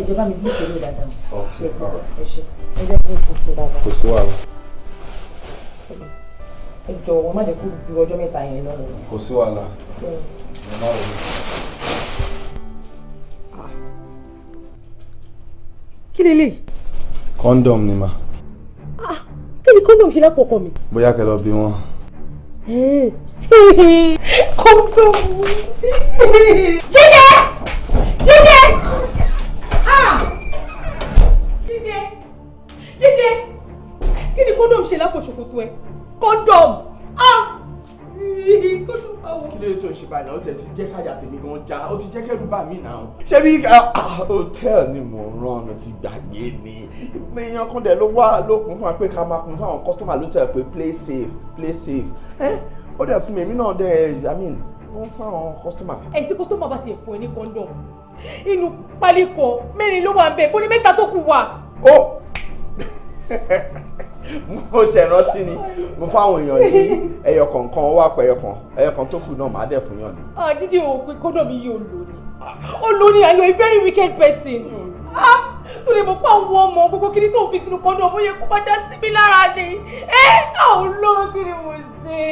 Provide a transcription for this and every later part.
ìjọba mi bí ìṣòro dáadáa. ok alright. ẹ ṣe ẹ jẹ́ kí n kò sùn dáadáa. kò sí wàhálà. ẹ jọ̀wọ́ má jẹ́ kó ju ọjọ́ mẹ́ta yẹn lọ. kò sí wàhálà. ẹ má wọlé. Ah. kí lélẹ̀. kọ́ńdọ̀m ni mà. Ah, kí ni kọ́ńdọ̀m ṣe lápò ọkọ mi. bóyá kẹ lọ bí wọn. kọ́ńdọ̀m eh. jíjẹ́. kí ni kóńdọ̀mù ṣe lápò ṣòkòtò ẹ kóńdọ̀mù ah kóńdọ̀mù kí ló yẹ tó ṣe báyìí náà ó tẹ̀ ti jẹ́ káyà tèmi gan já ó ti jẹ́ kẹ́rù bà mí náà. ṣé bí ah, ah, hòtẹ́ẹ̀lì ni mò ń rán ọ̀nà ti gbàgbé ni èèyàn kan dẹ̀ ló wà lókun fún wa pé ká máa kun fún àwọn kọ́sítọ́mà ló tẹ̀ pé play safe play safe ó dẹ̀ fún mi èmi náà dẹ̀ I wọ́n fún àwọn kọ́sítọ́mà. ẹ tí kọ́sítọ́mà bá ti ẹ̀ fún ẹ ní kọ́ńdọ̀mù inú pálíkọ mẹ́rin ló wà ń bẹ̀ bó ní mẹ́ta tó kù wà. ó mo ṣe rántí ni mo fáwọn èèyàn ní ẹyọ kọ̀ọ̀kan ó wà pé ẹyọ kan ẹyọ kan tó kù náà màá dẹ̀ fún yàn ni. àdídì ah, ò pé kọ́dọ̀ mi yóò lò ní olórí ayọ̀ a very wicked person ah, tó lè mọ̀ pé àwọn ọmọ gbogbo kiri tó fi sínú kọ́dọ̀ mo yẹ kó má dá sí mi lára ni ẹ eh, àwọn ah, olóró kiri mo ṣe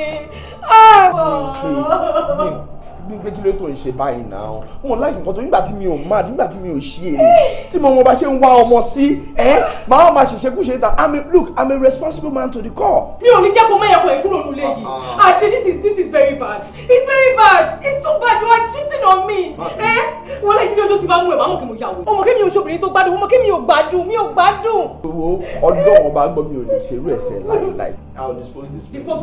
gbígbé kí ló tó ń ṣe báyìí náà wọn láì nǹkan tó nígbà tí mi ò mad nígbà tí mi ò ṣí èrè tí mo mọ bá ṣe ń wá ọmọ sí ẹ máa ma ṣèṣekúṣe ta i'm a look i'm a responsible man to the core. mi ò ní jẹ́ kó mẹ́yẹ̀ kan ìkúrò nílé yìí ah. àti this is this is very bad it's very bad it's too bad you are cheating on me. Ah. ẹ wọn láì jíjẹ́ ọjọ́ ti bá mú ẹ̀ máa mọ̀ kí mo yà wò. ọmọ kémi oṣoobirin tó gbádùn ọmọ kémi ò gbádùn mi ò gbádùn. owó ọdún ọba gbọ́ mi ò lè ṣerú ẹ̀sẹ̀ láìláì. i will dispose this. dispose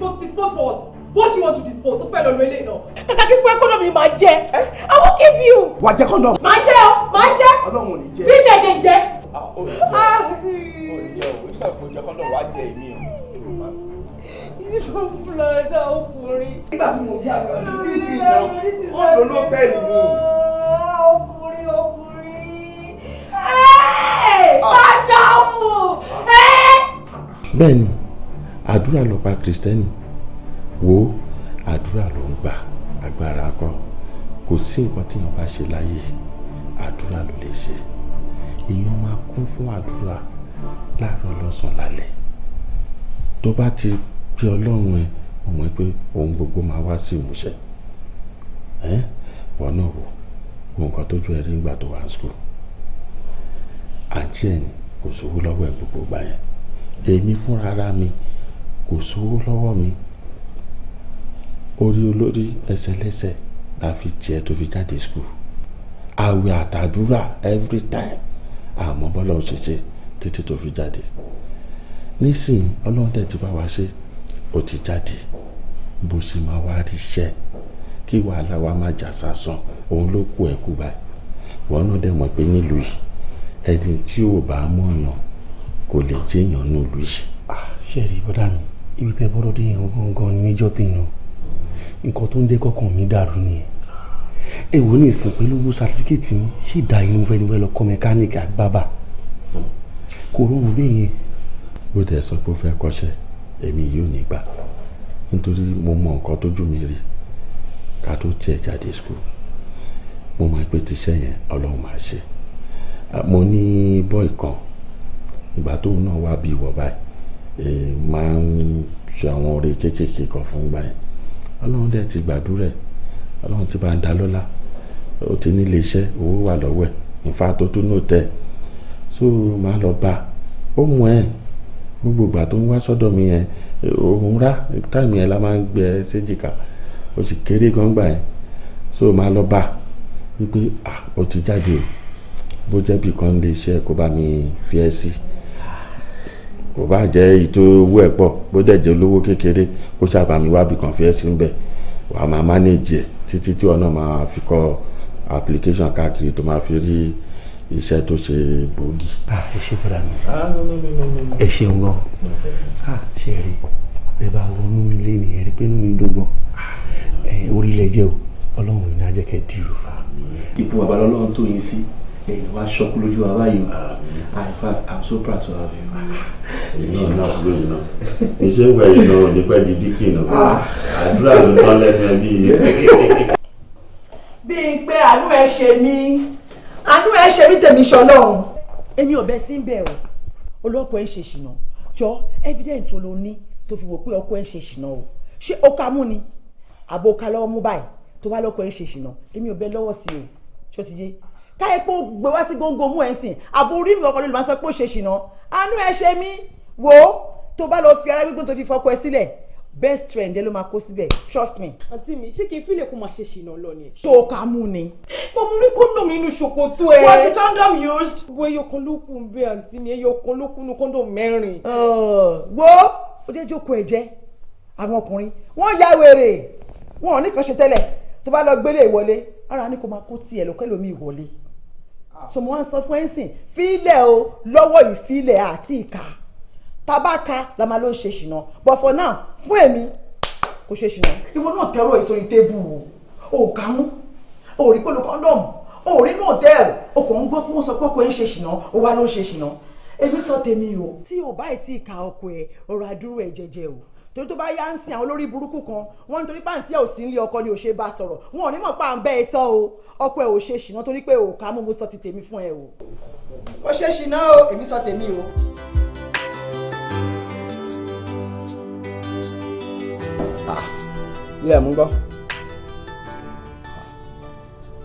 what? dispose what? what do you want to dispose o tún fẹ́ lọ lo ilé náà. kàkà kí fún ẹkọnọmì máa jẹ I will give you. wà á jẹ kọ́ńdọ̀mù. máa jẹ o máa jẹ. ọlọ́run ò ní jẹ. bí jẹjẹ jẹ. oh, ò oh, jẹ o o ní sàkó jẹ kọ́ńdọ̀mù wà á jẹ èmi o. ìṣó fúlọ́dà ọkùnrin. nígbà tí mo yá ọ ní ìlú náà ó lọ lọ́tẹ̀lì mi. ọkùnrin ọkùnrin bàdàmù. bẹ́ẹ̀ni àdúrà ló pa kìrìsìtẹ́nì wo àdúrà ló ń gbà agbára kọ́ kò sí nǹkan tí èèyàn bá ṣe láyè àdúrà ló lè ṣe èèyàn máa kún fún àdúrà láàárọ̀ lọ́sàn-án lálẹ́ tó bá ti pé ọlọ́run ẹ mo mọ̀ pé ohun gbogbo máa wá sí ìmúṣẹ ẹ wọn náà wò nǹkan tó ju ẹrí nígbà tó wà ní school àǹtí ẹ̀ kò sówó lọ́wọ́ ẹ̀ gbogbo gbà yẹn èmi fúnra mi kò sówó lọ́wọ́ mi orí olórí ẹsẹ̀lẹ́sẹ̀ la fi tiẹ̀ tó fi jáde skul àwẹ̀ àtàdúrà every time àmọ́ bọ́lá ò ṣe ṣe títí tó fi jáde nísìnyí ọlọ́run dẹ̀ ti bá wa ṣe ó ti jáde bó ṣe máa wá ríṣẹ́ kí wàhálà wa má jà sásán òun ló kú ẹ̀kú báyìí wọn náà dẹ̀ mọ̀ pé nílùú yìí ẹni tí ò bá mọ̀nà kò lè jẹ́yàn nílùú yìí. Ah, ṣé rí bọ́dà mi ibi tẹ́ bọ́dọ̀ dé yẹn gangan ni níjọ́ tèèyàn nǹkan tó ń jẹ́ kọ́kàn mi dàrú nìyẹn ẹ wò ní ìsìn pẹ̀lú owó sátífíkẹ́tì mi ṣì dá yín fẹ́ ni wẹ́ lọ kọ́ mẹkáníìkì àgbàbà kò rọrùn bẹ́ẹ̀ yẹn. bó tẹ sọ pé ó fẹ́ kọ́ṣẹ́ èmi yóò ní gbà nítorí mo mọ nǹkan tójú mi rí ká tó tiẹ̀ jáde school mo máa pé tiṣẹ́ yẹn ọlọ́run máa ṣe mo ní bọ́ì kan ìgbà tóun náà wá bí ìwọ báyìí eh, máa ń ṣe àwọn oore kéékèèké kan fún gbà yẹn ọlọ́run dẹ̀ ti gbàdúrà ẹ̀ ọlọ́run ti bá ń dá lọ́lá ó ti nílé iṣẹ́ owó wà lọ́wọ́ ẹ̀ nfa tó tún náà tẹ̀ so màá lọ bá ó mú ẹ̀ gbogbo ìgbà tó ń wá sọ́dọ̀ mi yẹn òun rá táìmù yẹn la máa ń gbé séjìká ó sì kéré gbọ́ngbà yẹn so màá lọ bá wípé ó ti jáde o bó jẹ́ bí lè ṣe kó bá mi fi ẹ́ sí. Si kò bá jẹ́ ìtò owó ẹ̀ pọ̀ bó dẹ̀ jẹ́ olówó kékeré kó ṣàbàmì wábì kan fi ẹ́ sí ń bẹ̀ wà á máa manage ẹ̀ títí tí ọ̀nà máa fi kọ́ application káàkiri tó máa fi rí iṣẹ́ tó ṣe gbòógì. Ah, ẹ ṣe bọ́dà mi ah, ẹ ṣeun gan ah, ṣe rí ẹ bá ronú mi lé ní ẹ̀rí pé inú mi dùn gan orílẹ̀ jẹ́ o ọlọ́run ìnájẹ́kẹ́ dìrò. ipò bàbá tó yín sí ẹ̀yìn wá ṣọkú lójú wa báyìí o ah. ah, in fact i'm so proud to have you. iná náà fún mi náà iṣẹ́ ìgbà yìí náà nípa dídí kì náà àdúrà ló tán lẹ́nu ẹbí yìí. bí n pé àánú ẹ ṣe mí àánú ẹ ṣe mí tèmi ṣọlọ́run. èmi ò bẹ sí ń bẹ̀ ọ́ olóko ẹ̀ ṣe ṣìnà jọ evidence wo ló ní tó fi wò pé ọkọ ẹ̀ ṣe ṣìnà o ṣé ọkọ amú ni àbò ọkọ alọ́wọ́ mú báyìí tó bá lọ́kọ ẹ̀ ṣe ṣìnà èmi ò bẹ lọ́wọ́ sí o ṣó ti yé káyé pé ó gbé wá sí góńgó mú ẹ̀ sìn àbúrò rí ìwọ̀n pẹ̀lú ìbáṣọ pé ó ṣe ṣìnà àánú ẹ ṣe mí wò tó bá lọ fi ara gbígbón tó fi fọkọ ẹ sílẹ̀ best friend ẹ ló máa kó síbẹ̀ trust me. àǹtí mi ṣé kí n fílẹ̀ kó máa ṣe ṣìnà lọ ni. tó o kà á mú ni. mo mú rí kóńdọ̀mù inú ṣòkòtò ẹ. was the condom used. wo ẹyọ kan ló kù bẹ àǹtí mi ẹyọ kan ló kù nínú kóńdọ̀mù mẹ́rin. wo ó jẹ́ jókòó ẹ̀ jẹ́ àwọn ọkùnrin wọ́n ya wèrè wọn ò ní kàn ṣe tẹ́lẹ̀ tó bá lọ gbélé ìwọlé ara ní kó máa kó tiẹ̀ lọ́kẹ́ lómi ìwọlé so mo wá ń sọ fún ẹ̀sìn fílẹ̀ o lọ́wọ́ ìfilẹ̀ àti ìka tabaka la máa ló ṣe ṣìnà but for now fún èmi kò ṣe ṣìnà. ìwọ náà tẹ̀rọ ìsòrí tébù o ò kà mú o ò rí pẹ̀lú kọ́ńdọ̀mù o ò rí ní hòtẹ́ẹ̀lì o kò ń gbọ́ pé wọ́n sọ pé ọkọ ẹ̀ ń ṣe ṣìnà o wá ló ń ṣe ṣìnà èmi sọ tèmi o. tí o bá ì tí ì ka ọkọ ẹ ọ̀rọ̀ àdúrú ẹ jẹ́jẹ́ o torí tó bá yá ń sin àwọn olórí burúkú kan wọ́n nítorí pàǹtí ẹ̀ ò sí nílé ọkọ ni ò ṣe bá sọ̀rọ̀ wọn ò ní mọ̀ pa à ń sọ o ọkọ ẹ̀ ò ṣe ṣìnà torí pé ò ká mú mo sọ ti tèmi fún ẹ o. ó ṣe ṣìnà o èmi sọ tèmi o. ilé mú gbọ́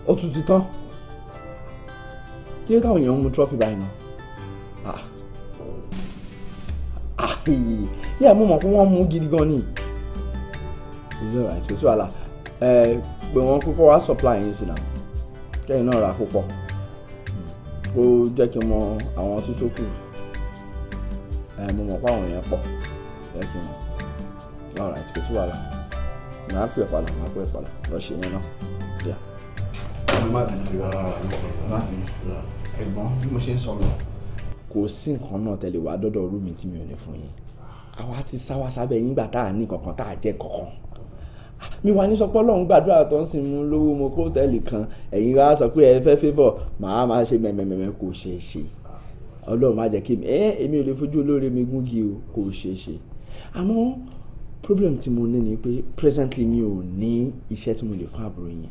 ó tún ti tán kí ló táwọn èèyàn ń mu trọ́fì báyìí náà. Ah. Ah, yíyá mo mọ̀ pé wọ́n mú gidi gan ni it's alright kò sí wàhálà ẹ pé wọ́n kókó wá supply yín sí náà kẹ́yìn náà ra púpọ̀ kó jẹ́ kí n mọ àwọn tí tó kù ẹ mo mọ̀ pé àwọn yẹn pọ̀ jẹ́ kí n mọ̀ alright kò sí wàhálà màá pè padà màá pè padà lọ́ọ́ ṣe yẹn náà díà. ọmọ má bìí ju ara rẹ̀ má bìí ẹ̀gbọ́n bí mo ṣe ń sọ lọ kò sí nǹkan náà tẹ̀lé wá dọ́dọ̀ rú mi tí mi ò ní fún yín àwa ti sáwá sábẹ́ yín gbà tá à ní kankan tá à jẹ́ kankan ah, mi wà ní sọ pé ọlọ́run gbàdúrà tó ń sin mú lówó mo kó tẹ́lì kan ẹ̀yin wá sọ pé ẹ fẹ́ fẹ́fọ̀ màá máa ṣe mẹ́mẹ́mẹ́mẹ́ kò ṣeé ṣe ọlọ́run má jẹ́ kí mi ẹ́ èmi ò lè fojú olóore mi gúngi o kò ṣeé ṣe àmọ́ problem tí mo ní ni pé presently mi ò ní iṣẹ́ tí mo lè fún àbúrò yẹn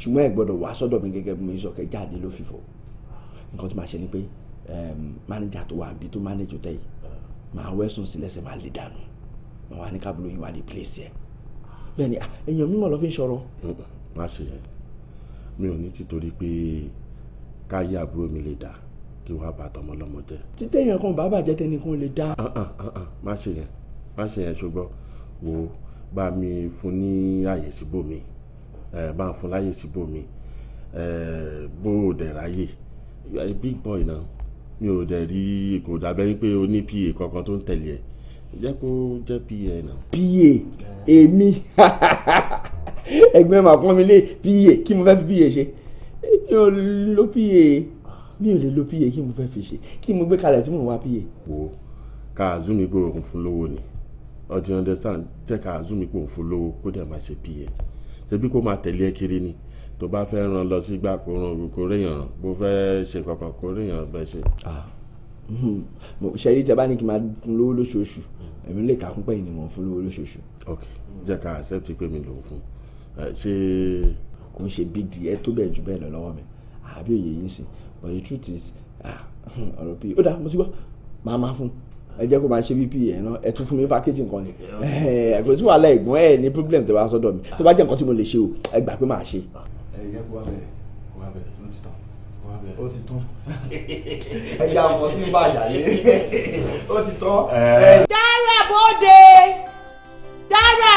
ṣùgbọ́n ẹ gbọ́dọ̀ wá sọ́dọ̀ mi gẹ́gẹ́ bí mo sọ kẹ́ jáde ló fìfọ́ nǹkan tí màá ṣe ni pé manager tó wà níbi tó manage hotel yìí màá wẹ́sùn sí lẹ́sẹ̀ máa lè dànù màá wà ní kábùlù yìí wà ní place yẹn bẹ́ẹ̀ ni èèyàn mímọ̀ ló fi ń sọ̀rọ̀. má ṣe yẹn mi ò ní títorí pé káyé àbúrò mi lè dà kí wọ́n á bá tọmọ lọ́mọ jẹ́. títẹ̀ yẹn kan bàbá jẹ́ tẹnìkan lè dá. Ah, ah, ah, má ṣe yẹn má ṣe yẹn ṣùgbọ́n wo bá mi fún ní àyè síbò mi bá fún láyè síbò mi bó o dẹ̀ ráyè you are a big boy now mi ò dẹ̀ rí kò dàbẹ́ yín pé o ní pa kankan tó ń tẹ̀lé ẹ̀ jẹ́ kó jẹ́ pa náà. pa èmi ẹgbẹ́ màá pọ́n mi lé pa kí mo fẹ́ fi pa ṣe mi ò lo pa mi ò lè lo pa kí mo fẹ́ fi ṣe kí mo gbé kalẹ̀ tí mò ń wá pa. wo ká azumi pé òun fún lówó ni ọdún understand jẹ́ ká azumi pé òun fún lówó kó dẹ̀ máa ṣe pa ṣebí kó máa tẹ̀lé ẹ kiri ni tó bá fẹ́ ràn lọ sí gbà kó ràn kó réyàn ràn bó fẹ́ ṣe kankan kó réyàn bẹ́ẹ̀ ṣe. Ah. ṣẹ́rí tẹ bá ní kí n máa fún lówó lóṣooṣù èmi lè kàkún pẹ́yìn ni mò fún lówó lóṣooṣù. ok jẹ́ ká accept pé mi lòún fún ṣé. kò ń ṣe big deal ẹ tó bẹ́ẹ̀ jù bẹ́ẹ̀ lọ lọ́wọ́ mi àbí òye yín sìn but the truth is ah, ọ̀rọ̀ pé ó dáa mo ti gbọ́ máa máa fún ẹ jẹ́ kó máa ṣe bp e ẹ̀ náà ẹ tún fún mi package nǹkan ni kò sí wàhálà ẹ̀gbọ́n ẹ̀ ní problem tó bá sọ́dọ̀ mi tó bá jẹ́ nǹkan tí mo lè ṣe o ẹ gbà pé màá ṣe ẹ̀yẹ́ kó wá bẹ̀rẹ̀ kó wá bẹ̀rẹ̀ ló ti tán ó ti tán ẹ̀yà àmọ́ tí ń bá yàyé ó ti tán. dára bóde dára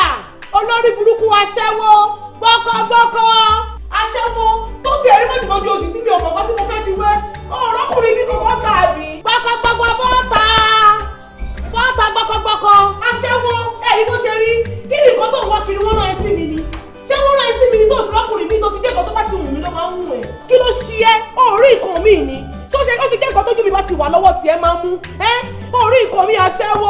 olórí burúkú aṣẹ́wó gbọ́kọ́gbọ́kọ́ aṣẹ́wó tó ti ẹ̀rí mọ́tìmọ́tì oṣù tí mi ò mọ̀kọ́ tí mo fẹ́ fi wẹ́ ọ̀rọ̀kùnrin ní kòkó tàbí. gbọ́kọ́gbọ́kọ́ bọ́ta bọ́ta gbọ́kọ́gbọ́kọ́ aṣẹ́wó ẹ̀rí bó ṣe rí kí ni nǹkan tó ń wá kiri wọ́n rán ẹ sí mi ni ṣé wọ́n rán ẹsìn mi ní tó fi lọ́kùnrin mi tó fi jẹ́kọ̀ọ́ tó bá ti wù mí ló máa ń wù ẹ́ kí ló ṣe ẹ́ orí nǹkan mi ni tó ṣe ó fi jẹ́kọ̀ọ́ tójú mi bá ti wà lọ́wọ́ tiẹ̀ máa mú ẹ́ orí nǹkan mi aṣẹ́wó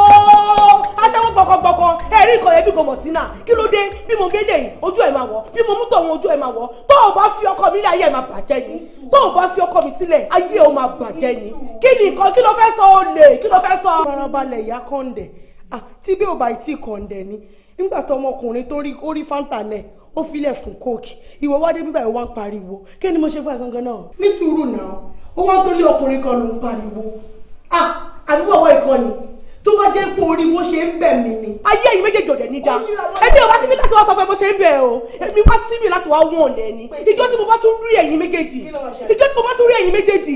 aṣẹ́wó gbọ̀kọ̀gbọ̀kọ̀ ẹ̀rí nǹkan yẹn bí gọ̀mọ̀tínà kí ló dé bí mo gédè yìí ojú ẹ̀ máa wọ̀ bí mo mú tọ̀hún ojú ẹ̀ máa wọ̀ tó o bá fi ọkọ mi lé ayé ẹ̀ máa bàjẹ́ ni tó o bá fi ọkọ mi sílẹ̀ ayé ẹ̀ máa bàjẹ́ ni kí ni nǹkan kí ló fẹ́ sọ olè kí ló fẹ́ sọ. farabalẹ̀ ìyá kọ́ńdẹ̀ tí bí ò bá ì tí ni nígbà tó ọmọkùnrin tó rí fanta náà ó filẹ̀ fún kóòkì ìwọ wá dé bíbá ìwọ wá ń pariwo kí ni mo ṣe fún ẹ gangan náà. ní sùúrù náà ó wá ń torí ọkùnrin kan ló ń pariwo ah àbí wọ́wọ́ ìkọ́ni tó bá jẹ́ pé orí mo ṣe ń bẹ̀ mí ni. ayé ẹ̀yin méjèèjì ọ̀dẹ̀ ní dáa ẹbí ò wá síbi láti wá sọ pé mo ṣe ń bẹ̀ o èmi wá síbi láti wá wọ̀n ọ̀nà ẹni ìjọ tí mo bá tún rí ẹ̀yin méjèèjì ìjọ tí mo bá tún rí ẹ̀yin méjèèjì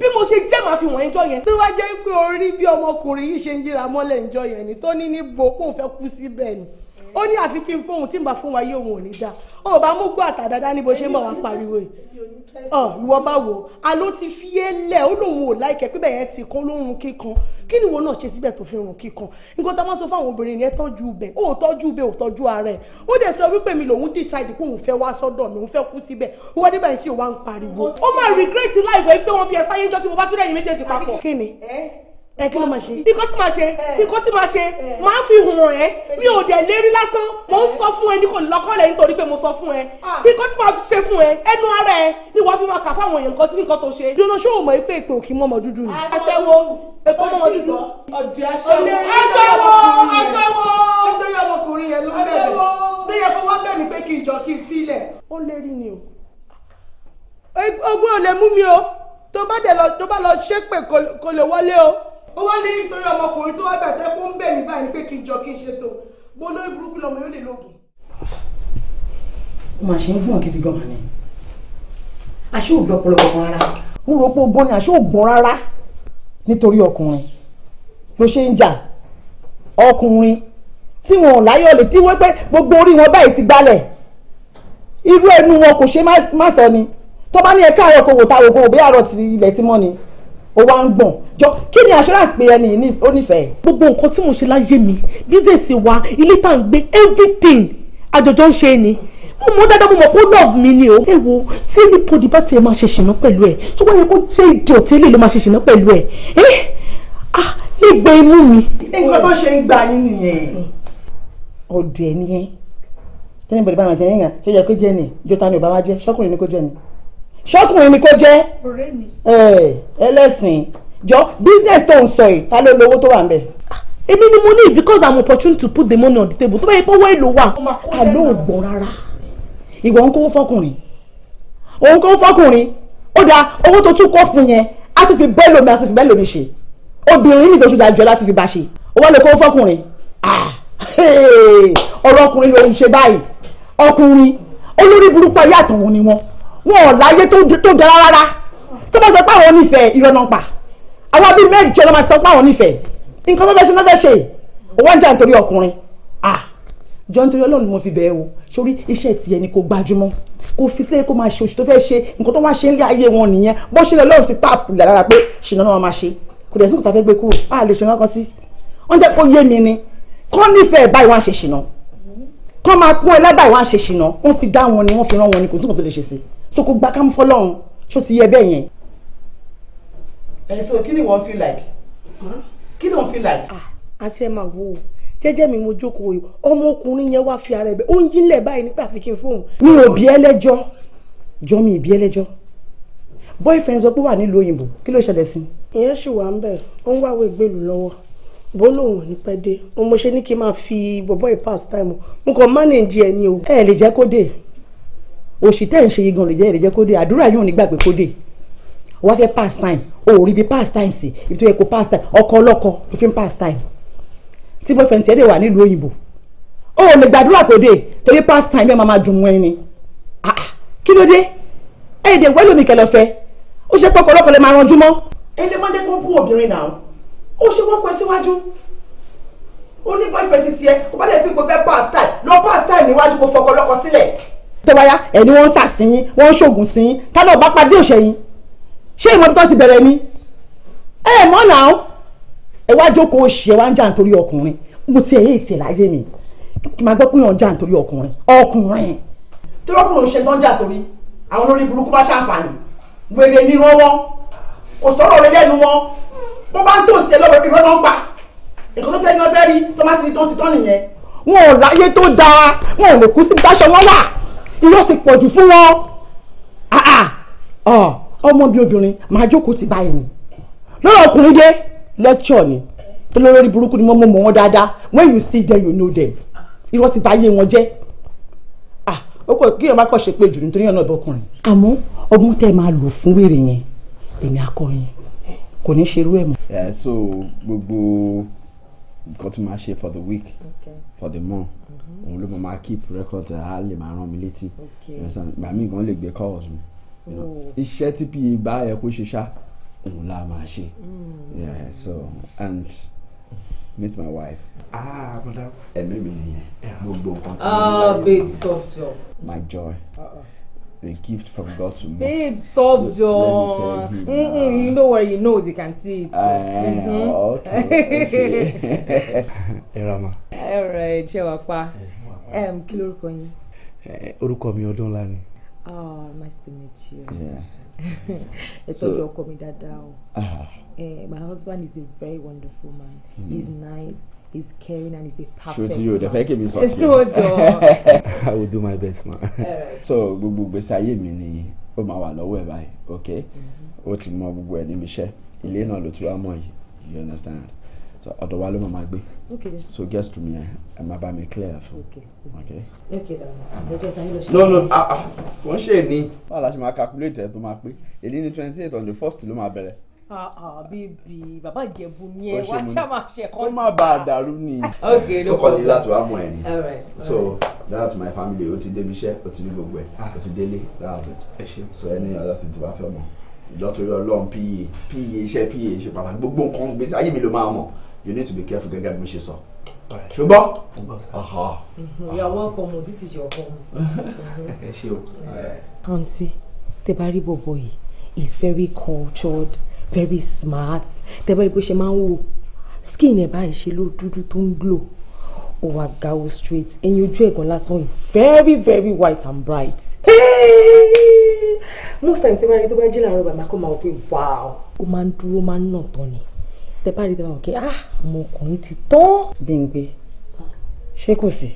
bí mo ṣe jẹ́ màá fi wọ̀n ẹjọ́ yẹn. tó bá jẹ́ pé orí bí ọmọkùnrin yìí ṣe ń yíra mọ́lẹ̀ ńjọ́ yẹn ni tó ní níbo kóun fẹ́ kú síbẹ̀ ni ó ní àfi kí n fóun tí n bá fún wa yé òun ò ní dá ọ bá mú gbọ́ àtàdáadáa ní bó ṣe ń bọ̀ wá pariwo yìí ọ ìwọ bá wò ó àló ti fi é lẹ̀ ó lóun ò láìkẹ́ pé bẹ́ẹ̀ yẹn ti kan lórun kíkan kí ni ìwọ náà ṣe síbẹ̀ tó fi rùn kíkan nǹkan tá a máa sọ fáwọn obìnrin yẹn tọ́jú ibẹ̀ ó tọ́jú ibẹ̀ ó tọ́jú ara ẹ̀ ó dẹ̀ sọ wípé mi lòun decide pé òun fẹ́ wá sọ́dọ̀ mi òun fẹ́ kú síbẹ̀ wọ́n dé báyìí tí ò wá ń pariwo ó máa regret life ẹ̀ pé wọ́n fi ẹ̀ sáyé jọ́ tí mo bá tún rẹ̀yìn méjèèjì papọ̀ kí ni ẹ kí ló máa ṣe. ikọ́ tí máa ṣe ikọ́ tí máa ṣe máa fi hùn ẹ́ mi ò dẹ̀ lérí lásán mo ń sọ fún ẹ ní kò lọ́kọ́ lẹ́yìn torí pé mo sọ fún ẹ. ikọ́ tí máa ṣe fún ẹ ẹnu ara ẹ ni wàá fi máa kà fáwọn èèyàn nǹkan sí nǹkan tó ṣe. dúró ṣé o mọ̀ pé èpè òkì mọ́ ọmọ dúdú ni. aṣẹ́wó èpè mọ́ ọmọ dúdú. ọ̀dẹ̀ aṣẹ́wó aṣẹ́wó aṣẹ́wó. nítorí ọmọkùnrin yẹn ló ń bẹ̀rẹ̀ tó yẹ kó wá bẹ̀ mí pé kí n jọ kí n filẹ̀. ó lérí ni o ogun ò lè mú mi o tó bá lọ ṣépè kò lè wọlé o ó wá lé nítorí ọmọkùnrin tó wá gbà tẹ́ kó ń bẹ̀ nígbà yìí pé kí n jọ kí n ṣètò bó lórí burúkú lọmọ yóò lè lóògùn. ó mà ṣe ń fún ọ̀gidi gan-an ni aṣọ ò gbọ́ ọ̀pọ̀lọpọ̀ rárá ó rò pé ogbon ni aṣọ ò gbọ́n rárá nítorí ọkùnrin ló ṣe ń jà ọkùnrin tí wọn ò láyọ̀ lè tí wọ́n pé gbogbo orí wọn báyìí ti gbálẹ̀ irú ẹnu wọn kò ṣe má sọ ni tó bá ní ẹ̀ka àròkòwò ta òkòwò bí àrò ti ilẹ̀ ti mọ́ ni ó wá ń gbọ̀n jọ kí ni assurance pé ẹni onífẹ̀ẹ́. gbogbo nǹkan tí mo ṣe láyé mi bísíǹsì wa ilé tá à ń gbé everything àjọjọ ń ṣe ni mo mọ dáadáa mo mọ pé love mi ni o. ẹ wo tí anybody bá tiẹ̀ máa ṣe ṣìnà pẹ̀lú ẹ̀ tó wáyé kó tí èdè ọ̀tí lè ló máa ṣe ṣìnà pẹ̀lú ẹ̀ ẹ́ ah lè gbẹ imú mi. nǹkan tó ṣe ń gbà yín nìyẹn. ọ̀dẹ̀ ni ẹ tẹ́lẹ̀ bẹ̀rẹ̀ bá máa jẹ́ yín yàn ṣé ó yẹ kó jẹ́ ni ìjọ ta ni ò bá wá jẹ́ ṣọ́kùnrin ṣọkùnrin ni kò jẹ́ ẹlẹ́sìn jọ business tó ń sọ yìí ta ló lówó tó wà ń èmi ni mo ní because i'm opportunity to put the money on the table tó bá yẹ pé owó èlò wà àlọ́ ò gbọ́ rárá ìwọ ń kówó fọkùnrin òun kówó fọkùnrin ó dáa owó tó tún kọ́ fún yẹn á tún fi bẹ́ẹ̀ lómi á tún fi bẹ́ẹ̀ lómi ṣe obìnrin nìkan ṣùgbọ́n àjọ láti fi bá ṣe ó wá lè kówó fọkùnrin ọ̀rọ̀ ọkùnrin ló ń ṣe báyìí ọkùnrin olórí burúkú ayé àtọ̀hún ni wọ́n wọn ò láyé tó dára rárá tó bá sọ pé àwọn onífẹ̀ẹ́ ìrọ̀nà pa àwọn abí mẹ́jọ ló máa ti sọ pé àwọn onífẹ̀ẹ́ nǹkan tó fẹ́ ṣe ló fẹ́ ṣe owó ń jà nítorí ọkùnrin ah jọ nítorí ọlọ́run ni mo fi bẹ̀ẹ́ o sórí iṣẹ́ tiẹ̀ ni kò gbajúmọ̀ kò fi sílẹ̀ kó máa ṣe oṣù tó fẹ́ ṣe nǹkan tó wá ṣe ń lé ayé wọn nìyẹn bó ṣe lè lọ́run ti pààpù lára pé ṣìnà náà máa ṣe kò dẹ̀ sí kò tá fẹ́ gbé kúrò á lè ṣe nǹkan sí wọ́n jẹ́ kó yé mi ni kọ́ nífẹ̀ẹ́ báyìí wọ́n á ṣe ṣìnà kọ́ máa pọ́n ẹ lábàá ìwọ́n á ṣe ṣìnà wọ́n fi dá wọn ni wọ́n fi rán wọn ni kò sí kò tó lè ṣe sí i so kò gba kámú fọlọ́run ṣó ti yẹ bẹ́ẹ̀ yẹn. so kí ni feel like kí ni wọ́n feel like. Ah, àǹtí ẹ máa wo jẹ́jẹ́ mi mo jókòó yìí ọmọkùnrin yẹn wá fi ara ẹ̀ bẹ́ẹ̀ ó ń yínlẹ̀ báyìí nípa àfikín fóun. mi ò bí ẹlẹ́jọ́ jọ mi ìbí ẹlẹ́jọ́ boyfriend sọ pé wà nílùú òyìnbó kí ló ṣẹlẹ̀ sí. ìyẹn sì wà ń bẹ̀ ó ń wáwé ìgbèlú bó lòun ní pẹ́ dé mo ṣe ní kí n máa fi bọ̀bọ́ ì pass time mo kàn manage ẹ ni o. ẹ lè jẹ́ kó dé òṣì tẹ́ ń ṣe yìí gan lè jẹ́ ìrẹ́jẹ́ kó dé àdúrà yóò ní gbàgbé kó dé wọ́n fẹ́ pass time o ò rí bí pass time sí ibi tó yẹ kó pass time ọkọ ọlọ́kọ ló fi ń pass time tí boyfriend tiẹ̀ dé wà nílùú òyìnbó o ò lè gbàdúrà kó dé torí pass time bẹ́ẹ̀ máa máa dùn mọ́ ẹni ah, ah. kí ló dé ẹ̀ dẹ̀ wẹ́lò mi kẹlẹ́ fẹ́ ó ṣe pọ́kọ ọlọ́kọ lè máa ranjú mọ́ ẹ̀ lè má dé kó bú obìnrin náà ó ṣe wọ́n pẹ́ síwájú boyfriend ti tiẹ̀ kó bá dẹ̀ fi kó fẹ́ pass time lọ pass time níwájú kó fọkọ ọlọ́kọ tó bá yá ẹni wọ́n ń sà sí yín wọ́n ń ṣoògùn sí yín tálọ́ bá padé òṣèyìn ṣé ìmọ̀ tó ti bẹ̀rẹ̀ ni ẹ ẹ̀ mọ́ náà ẹ wá jókòó ṣe wá ń jà nítorí ọkùnrin mo ti ẹ̀yẹ́ ìtì láyé mi kí máa gbọ́ pé wọ́n ń jà nítorí ọkùnrin ọkùnrin. tí wọ́n kúrò ń ṣe tó ń jà torí àwọn olórí burúkú bá ṣàǹfààní wèrè ní rọwọ́ kò sọ̀rọ̀ rẹ lẹ́nu wọn bó bá ń tó ṣe lọ́wọ́ ìrọ́ náà ń pa nǹkan tó fẹ́ ní wọ́n fẹ́ rí tó má ti rí tó ti tán nìyẹn. wọn ò láyé tó dáa wọn ò lè kú síbi táṣọ wọn wà irọ́ ti pọ̀jù fún wọn ah, ah. ọmọ bíi obìnrin máa jókòó ti báyìí ni lọ́rọ̀ ọkùnrin dé lecture ni tó lórí burúkú ni wọ́n mọ̀ mọ̀ wọ́n dáadáa when you see them you know them irọ́ ti báyé wọn jẹ́ ah, ó kò kí èèyàn má kọ̀ṣe pé jù nítorí ọ̀nà ọ̀dọ́kùnrin. àmọ́ ọgbọ́n tẹ́ máa lò fún wèrè yẹn èmi akọrin kò ní ṣerú ẹ̀ mọ́. ẹ eh, so gbogbo nǹkan tí màá ṣe for the week for the month òun ló máa keep record á lè máa rán mi létí gbà mí gan lè gbé calls mi oh. iṣẹ́ tí pa bá yẹ kó ṣe ṣá òun la máa ṣe hmm. so and meet my wife. ah madam. ẹ̀mí mi nìyẹn gbogbo nǹkan tí mo ní. ah my joy. Uh-uh a gift from God to me. Babe, stop, John. Mm -mm, you know where he knows, he can see it. Uh, mm -hmm. Okay. okay. Erama. All right, ṣé wàá pa? Um, kí lorúkọ yín? Eh, orúkọ mi Ọdúnlá ni. Oh, nice to meet you. Yeah. Ẹ tọ́jú ọkọ mi dáadáa o. Ah. Eh, my husband is a very wonderful man. Mm. He's nice is caring and is a perfect man. ṣòtí yóò dẹ fẹ́ kí mi sọ kí o. I will do my best ma. so gbogbo gbèsè ayé mi ni ó máa wà lọ́wọ́ ẹ̀ báyìí ok mm-hmm. ó ti mọ gbogbo ẹ̀ níbi iṣẹ́ ilé náà ló ti wá mọ̀ yìí you understand so ọ̀dọ̀ wa ló máa ma gbé so guest to me, ẹ máa bá mi clear fún ok. no no ah, ah, wọ́n ṣe é ní. báwo la ṣe máa calculate ẹ̀ tó máa pé èyí ní twenty eight on the first ló máa bẹ̀rẹ̀. Ah, ah, bíbí bàbá ìjẹ̀bù ni ẹ wá ṣàmà ṣe kọ́ ó má bàa dàrú ni. ó kọ́ ni láti wá mọ̀ ẹ́ ni so that's my family ó ti débi iṣẹ́ ó ti ní gbogbo ẹ̀ ó ah. ti délé that's it so any other thing tó bá fẹ́ mọ̀ lọ́tọ̀rí ọlọ́run pa pa iṣẹ́ pa ṣe pàtàkì gbogbo nǹkan gbèsè ayé mi ló máa mọ̀ you need to be careful gẹ́gẹ́ bí mo ṣe sọ. ṣùgbọ́n. ìyàwó ọkọ mo ti ti ṣe ọkọ mo. ẹ ṣe o. àǹtí mhm. tẹ bá rí bọ̀bọ̀ yìí he is very cultured very smart tẹ́bọ̀ ibo ṣe máa ń wò skin ẹ̀ báyìí ṣe ló dúdú tó ń glow ó wà gawo straight ẹ̀yin ojú ẹ̀gàn lásán is very very white and bright. most times ẹ̀ma rí tó bá jí làárọ̀ bàmí akọ́ máa wọ pé wow ó máa ń dúró máa ń nà tán ni tẹ́bá rí tẹ́bá wọ̀ pé ah ọmọkùnrin ti tán. Bímpé ṣé kò sí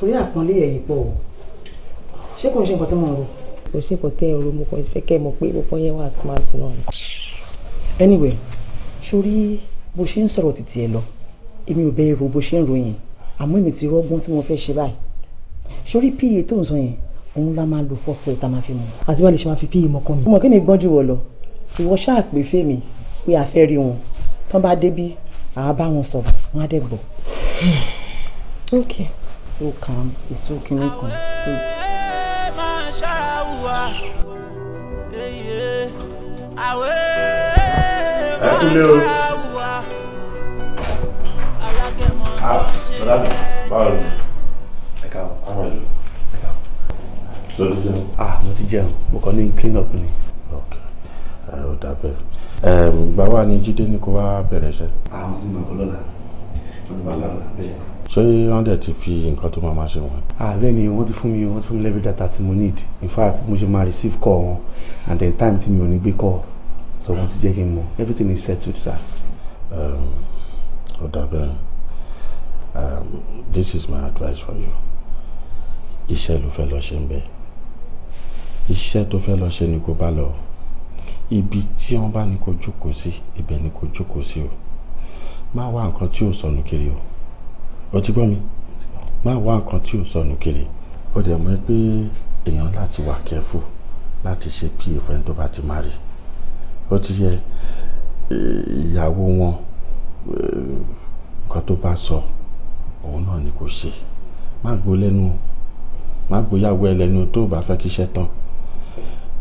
torí àpọ́nlé ẹ̀ yìí pọ̀ o ṣé kò ń ṣe nǹkan tí mo ń rò. kò ṣe nǹkan tẹ́ ẹ̀ ń rò mo kàn fẹ́ kẹ́ ẹ mọ̀ pé mo kàn yẹn wà smart náà ni anyway sórí bó ṣe ń sọ̀rọ̀ títí ẹ lọ èmi ò bẹ́ẹ̀ ro bó ṣe ń ròyìn àmọ́ èmi ti rọ́gbọ́n tí mo fẹ́ ṣe báyìí sórí píye tó ń sọ yẹn òun la máa lò fọ́pọ̀ ìta máa fi mọ̀. àti wàá lè ṣe máa fi píye mọ́kàn mi. ọmọ kí mi gbọ́n jù wọ̀ lọ ìwọ ṣáà pè fèmí pé a fẹ́ rí wọn tán bá débí àá bá wọn sọ̀rọ̀ wọn á dẹ̀ gbọ́. ok so calm èso kìíní kan. àwẹ̀ máa ṣàrà wà àwẹ̀ ẹ kúlé o. Ah, bàdà báwo ni ẹ káàbọ̀ àwọn ìlú ẹ káàbọ̀. ṣé o ti jẹun. ah mo ti jẹun mo kàn ní clean up ni. ok ẹ ò dábẹ́ gbà wá ní jíde ní kó wá bẹ̀rẹ̀ iṣẹ́. àwọn ah, ti ń bàbọ̀ lọ́la ṣé wọ́n dẹ̀ ti fi nǹkan tó máa ma ṣe wọn. àbẹ́ ah, ni wọ́n ti fún mi wọ́n ti fún mi lẹ́bí data tí mo need in fact mo ṣe máa receive call wọn and then time tí mi ò ní gbé call so I want to kí him more. everything is settled sir. Um, ó dàbẹ̀ um, this is my advice for you iṣẹ́ ló fẹ́ lọ ṣe ń bẹ̀ iṣẹ́ tó fẹ́ lọ ṣe ni kó bá lọ ibi tí wọ́n bá ní kó jókòó sí ibẹ̀ ni kó jókòó sí o wa wá nǹkan tí ò sọnù kiri o ó ti gbọ́ mi má wá nǹkan tí ò sọnù kiri ó dẹ̀ mọ̀ pé èèyàn láti wà kẹ́fù láti ṣe pa fún ẹni tó bá ti marry ó ti yẹ e, ìyàwó wọn e, nǹkan tó bá sọ òun náà ni kò ṣe má gbó lẹ́nu má gbóyàwó ẹ lẹ́nu tó bá fẹ́ kíṣẹ́ tán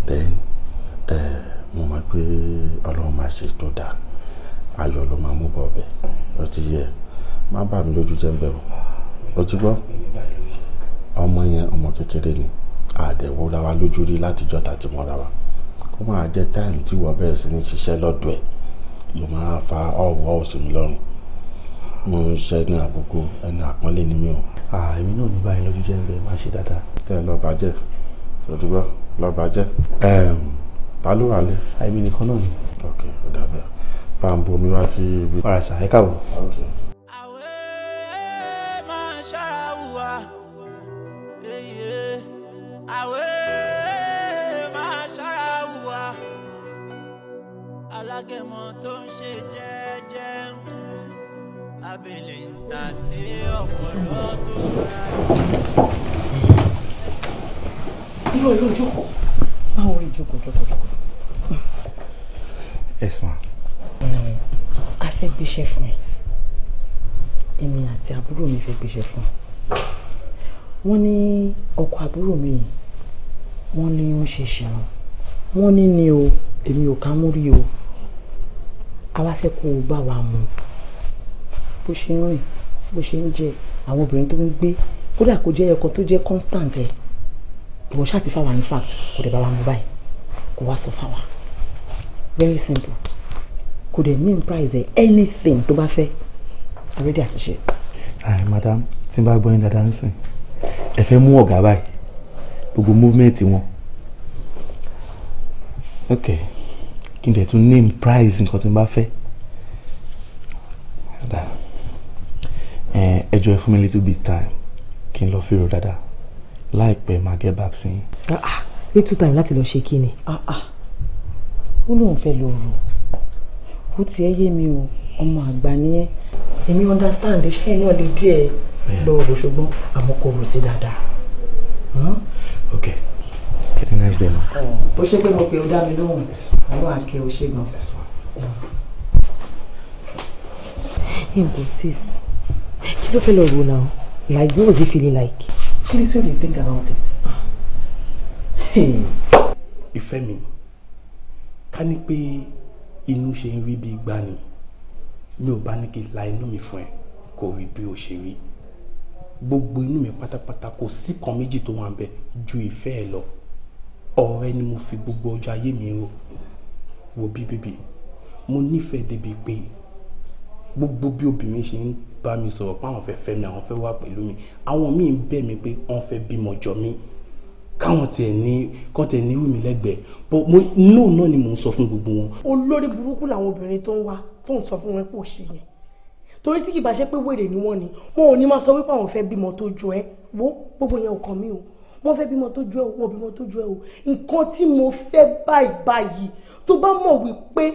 then mo mọ̀ pé ọlọ́run máa ṣe tó dáa ayọ̀ ló máa mú bọ̀ ọ̀bẹ ó ti yẹ má bà mí lójú jẹ́ ń o ó ti gbọ́ ọmọ yẹn ọmọ kékeré ni àdẹ̀wò ra lójú rí látijọ́ tàti mọ́ra wa ó máa jẹ́ táìmù tí wọ́n bẹ̀rẹ̀ sí ní ṣiṣẹ́ lọ́dọ̀ ẹ̀ ló máa fa ọ̀wọ́ òsì lọ́rùn mo ń ṣe ní àkókò ẹni àpọ́nlé ni mí o. èmi náà ní báyìí lójú jẹ́ ń bẹ máa ṣe dáadáa. tẹ́ ẹ lọ́ọ́ bàjẹ́ ṣòtúbọ̀ lọ́ọ́ bàjẹ́ ta ló wà lẹ́. àìmí nìkan náà ni. ok ó dàbẹ̀ bá ń bomi wá sí ibi. ọ̀rẹ́ sà ẹ káàbọ̀. àwẹ̀ máa ṣàrà wùwà àwẹ̀. alágẹmọ tó ń ṣe jẹ́jẹ́ ń kú abèlè ta sí ọpọlọ tó rà. irú báwo rí ìjókòó jókòó jókòó. ẹ sùn. a fẹ́ gbéṣẹ́ fún ẹ èmi àti àbúrò mi fẹ́ gbéṣẹ́ fún ẹ wọ́n ní ọkọ àbúrò mi wọ́n ní ó ń ṣe ṣìnà wọ́n ní ni o èmi ò ká mú rí o àwa fẹ́ kó o bá wa mu bó ṣe ń rìn bó ṣe ń jẹ àwọn obìnrin tó ń gbé kódà kó jẹ́ ẹ̀kan tó jẹ́ constant ẹ̀ ìwọ ṣáà ti In fact kò dé bá wa mu báyìí kò wá sọ fáwa very simple kò dé mean price ẹ̀ anything tó bá fẹ́ already àti ṣe. ayi madam tí n bá gbọ́ yín dáadáa ń sìn ẹ fẹ́ mú ọ̀gá báyìí gbogbo movement wọn. okay kí n dẹ̀ tún name price nǹkan tí n bá fẹ́ ẹ jọ̀ọ́ ẹ fún mi little bit time kí n lọ fèrò dáadáa láìpẹ́ máa get back sí yín. Ah, ah, little time láti lọ ṣe kí ni. Ah, ó lóun fẹ́ lọ rò ó tiẹ̀ yé mi o ọmọ àgbà nìyẹn èmi understand ṣé iná lè díẹ̀ lọ rò ṣùgbọ́n àmọ́ kò rò sí dáadáa. Hmm? okay. Have a nice day, ma. Ó ṣe pé mo pè ó mi lóhùn. Ọlọ́run àkẹ́ ó ṣe gan. Nǹkan sis, kí ló fẹ́ lọ rò náà? Like what was he feeling like? Kí ló tó lè think about it? Ìfẹ́ mi, ká ní pé inú ṣe ń rí bí gbá mi ò bá ní kí la inú mi fún ẹ, kò rí bí o ṣe rí. Gbogbo inú mi pátápátá kò sí kan méjì tó wà ń bẹ ju ìfẹ́ ẹ lọ ọ̀rẹ́ ni mo fi gbogbo ọjọ́ ayé mi rò wò bí bèbè mo nífẹ̀ẹ́ débi pé gbogbo bí obìnrin ṣe ń bá mi sọ̀rọ̀ pé àwọn fẹ́ fẹ́ mi àwọn fẹ́ wà pẹ̀lú mi àwọn míì ń bẹ̀ mí pé wọ́n fẹ́ bímọ jọ mí káwọn tiẹ̀ ní kọ́ tiẹ̀ ní wùmí lẹ́gbẹ̀ẹ́ but mo inú náà ni mò ń sọ fún gbogbo wọn. olórí burúkú làwọn obìnrin tó ń wá tó ń sọ fún wọn pò ṣe yẹn torí tí kì bá ṣe pé wèrè ni wọ́n ni wọn ò ní máa sọ wípé àwọn fẹ́ bímọ tó jọ ẹ́ wo gbogbo yẹn ò kàn mí o wọ́n fẹ́ bímọ tó ju ẹ o wọ́n bímọ tó ju ẹ o nǹkan tí mo fẹ́ báyìí báyìí tó bá mọ̀ wípé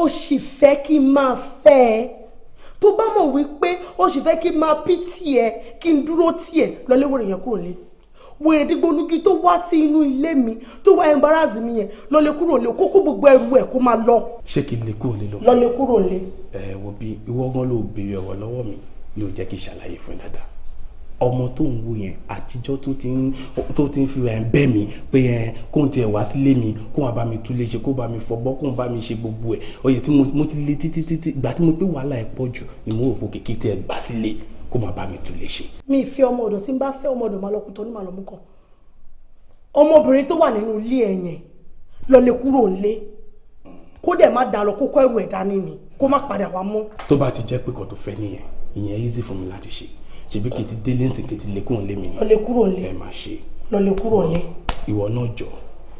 ó sì fẹ́ kí n máa fẹ́ ẹ tó bá mọ̀ wípé ó sì fẹ́ kí n máa pí tiẹ̀ kí n dúró tiẹ̀ lọ́lẹ́wọ̀rẹ̀ yẹn kúrò lé wèrè dìgbòlugi tó wá sí inú ilé mi tó wá embarrass mi yẹn lọ́lẹ́ kúrò lé kókó gbogbo ẹrù ẹ̀ kó máa lọ. ṣé kí n lè kúrò lé lọ. lọ́lẹ́ kúrò lé. ẹ wo bí ìwọ gan ló béèrè ọ̀rọ̀ lọ́wọ́ mi ló jẹ́ kí n ṣàlàyé fún ẹ dáadáa ọmọ tó ń wo yẹn àtijọ́ tó ti ń tó ti ń fi ẹ̀ ń bẹ́ mi pé ẹ̀ kó n tiẹ̀ wá sílé mi kó n bá mi tún lè ṣe kó bá mi fọgbọ́ kó n bá mi ṣe gbogbo ẹ̀ oyè tí mo ti le títí títí gbà tí mo pé wàhálà ẹ̀ pọ̀ jù ni mo rò pé kìkì tẹ̀ gbà sílé kó má bá mi tún lè ṣe. mi ì fẹ́ ọmọ ọ̀dọ̀ tí n bá fẹ́ ọmọ ọ̀dọ̀ máa lọkùn tó ní màá mú kàn ọmọbìnrin tó wà nínú ilé ẹ̀ yẹn lọ lè kúrò nílé kó dẹ̀ má dà kó kọ́ ẹrù ẹ̀ dání ni kó má padà wá mọ́. tó bá ti jẹ́ pé kò tó fẹ́ nìyẹn ìyẹn easy fún mi láti ṣe ṣebí kì í ti délé ǹsìn kì í ti lè kúrò lé mi ni. lọlé kúrò lé ẹ máa ṣe. lọlé kúrò lé. ìwọ náà jọ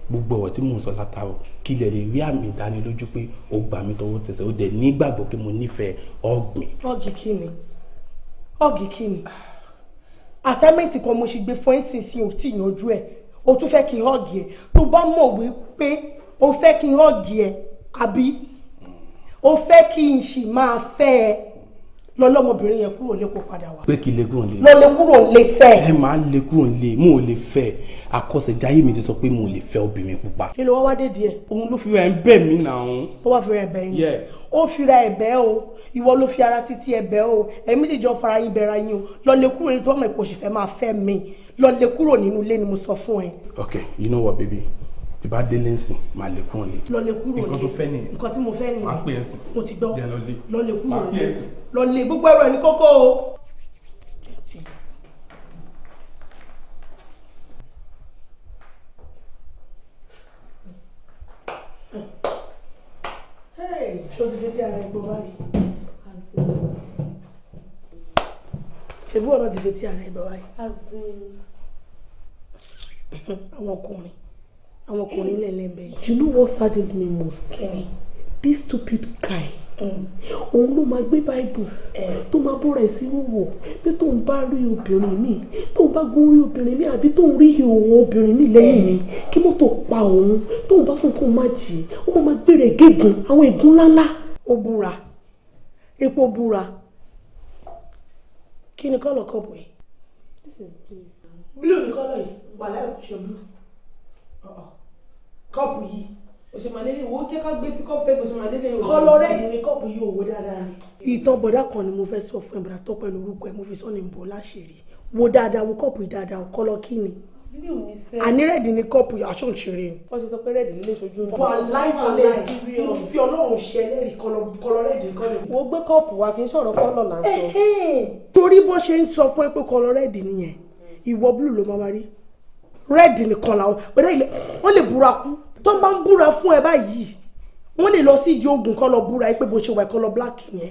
gbogbo ọ̀rọ̀ tí mò ń sọ látàrọ kí lè rí àmì ìdánilójú pé o gbà mí tọwọ́ tẹsẹ̀ o dẹ̀ nígbàgbọ́ pé mo nífẹ̀ẹ́ ọ̀gbìn. ọ̀gì kí ni ọ̀gì kí ni assignment kan mo ṣe gbé fún ncc o tí yanjú ẹ o tún fẹ́ kí n hug ẹ tó bá mọ̀ wípé o fẹ́ kí n hug ẹ àbí o fẹ́ kí n sì máa fẹ́ ẹ lọlọmọbìnrin yẹn kúrò lé padà wá. pé kí lè kúrò lé. lọ lè kúrò lé fẹ́. ẹ máa lè kúrò lé mo ò lè fẹ́ àkọsẹ̀dáyé mi ti sọ pé mo lè fẹ́ obìnrin pupa. ṣé ló wá wá dé díẹ̀. òun ló fi ra ẹ̀ bẹ́ẹ̀ nà òun. ó wá fi ra ẹ̀bẹ̀ yín. ó fi ra ẹ̀bẹ̀ o ìwọ ló fi ara títí ẹ̀bẹ̀ o ẹ̀mí lè jọ fara yín bẹ̀ra yín o lọ lè kúrò nítorí ọmọ ìpòṣìfẹ́ máa fẹ́ mi lọ lè kúrò nínú ilé ni mo sọ fún ẹ. okay you know what baby tí bá délé nsìn máa lè kún òní. lọlé kúrò ní nǹkan tó fẹ́ nìyẹn nǹkan tí mo fẹ́ nìyẹn máa pè é sìn mo ti gbọ́ lọlé kúrò ní lọlé gbogbo ẹrọ ẹ̀ ní kókó o. ṣé o ti fetí ti fetí ara ẹ̀gbọ́n báyìí? àwọn ọkùnrin àwọn ọkùnrin lẹ́lẹ́bẹ̀. you know what saddened me most? Mm. this stupid guy mm. òun ló máa gbé báìbù eh. tó máa bóra ẹ̀ sí wòwò pé tóun bá rí obìnrin mi tóun bá gún rí obìnrin mi àbí tóun rí ìhòòhò obìnrin mi lẹ́yìn mi kí mọ́tò pa òun tóun bá fún kó má jì í ó máa gbére gégùn àwọn ègún ńláńlá. ó búra epo búra kí ni kọ́lọ̀ kọ́ọ̀bù yìí. bílíọ̀nù kọ́lọ̀ yìí wà láì ṣe blue kọ́ọ̀pù yìí òṣèmọ̀lẹ́lẹ́ ìwọ jẹ́ ká gbé tí kọ́ọ̀pù fẹ́ gbèsèmọ̀lẹ́lẹ́ ìwọ. kọ́lọ́rẹ́ẹ̀dì ni kọ́ọ̀pù yìí òwò dáadáa ni. ìtàn bọ̀dá kan ni mo fẹ́ sọ fún ẹ̀bùrà tọ́pẹ́ lórúkọ ẹ̀ mo fi sọ́ni bò láṣìírí wo dáadáa wo kọ́ọ̀pù yìí dáadáa kọ́lọ́ kí ni. àní rẹ́ẹ̀dì ni kọ́ọ̀pù yìí aṣọ òṣèré. wọ́n ti sọ pé rẹ́ẹ̀dì ló lè ṣojú ní. wà láìpẹ́ mo fi ọlọ́run ṣe Red nìkan làwọn pẹ̀lẹ́ ilẹ̀ wọ́n lè búra kú tó ń bá ń búra fún ẹ báyìí wọ́n lè lọ sí ìdí ogun kọ́ lọ búra yìí pé bó ṣe wà kọ́ lọ black yẹn.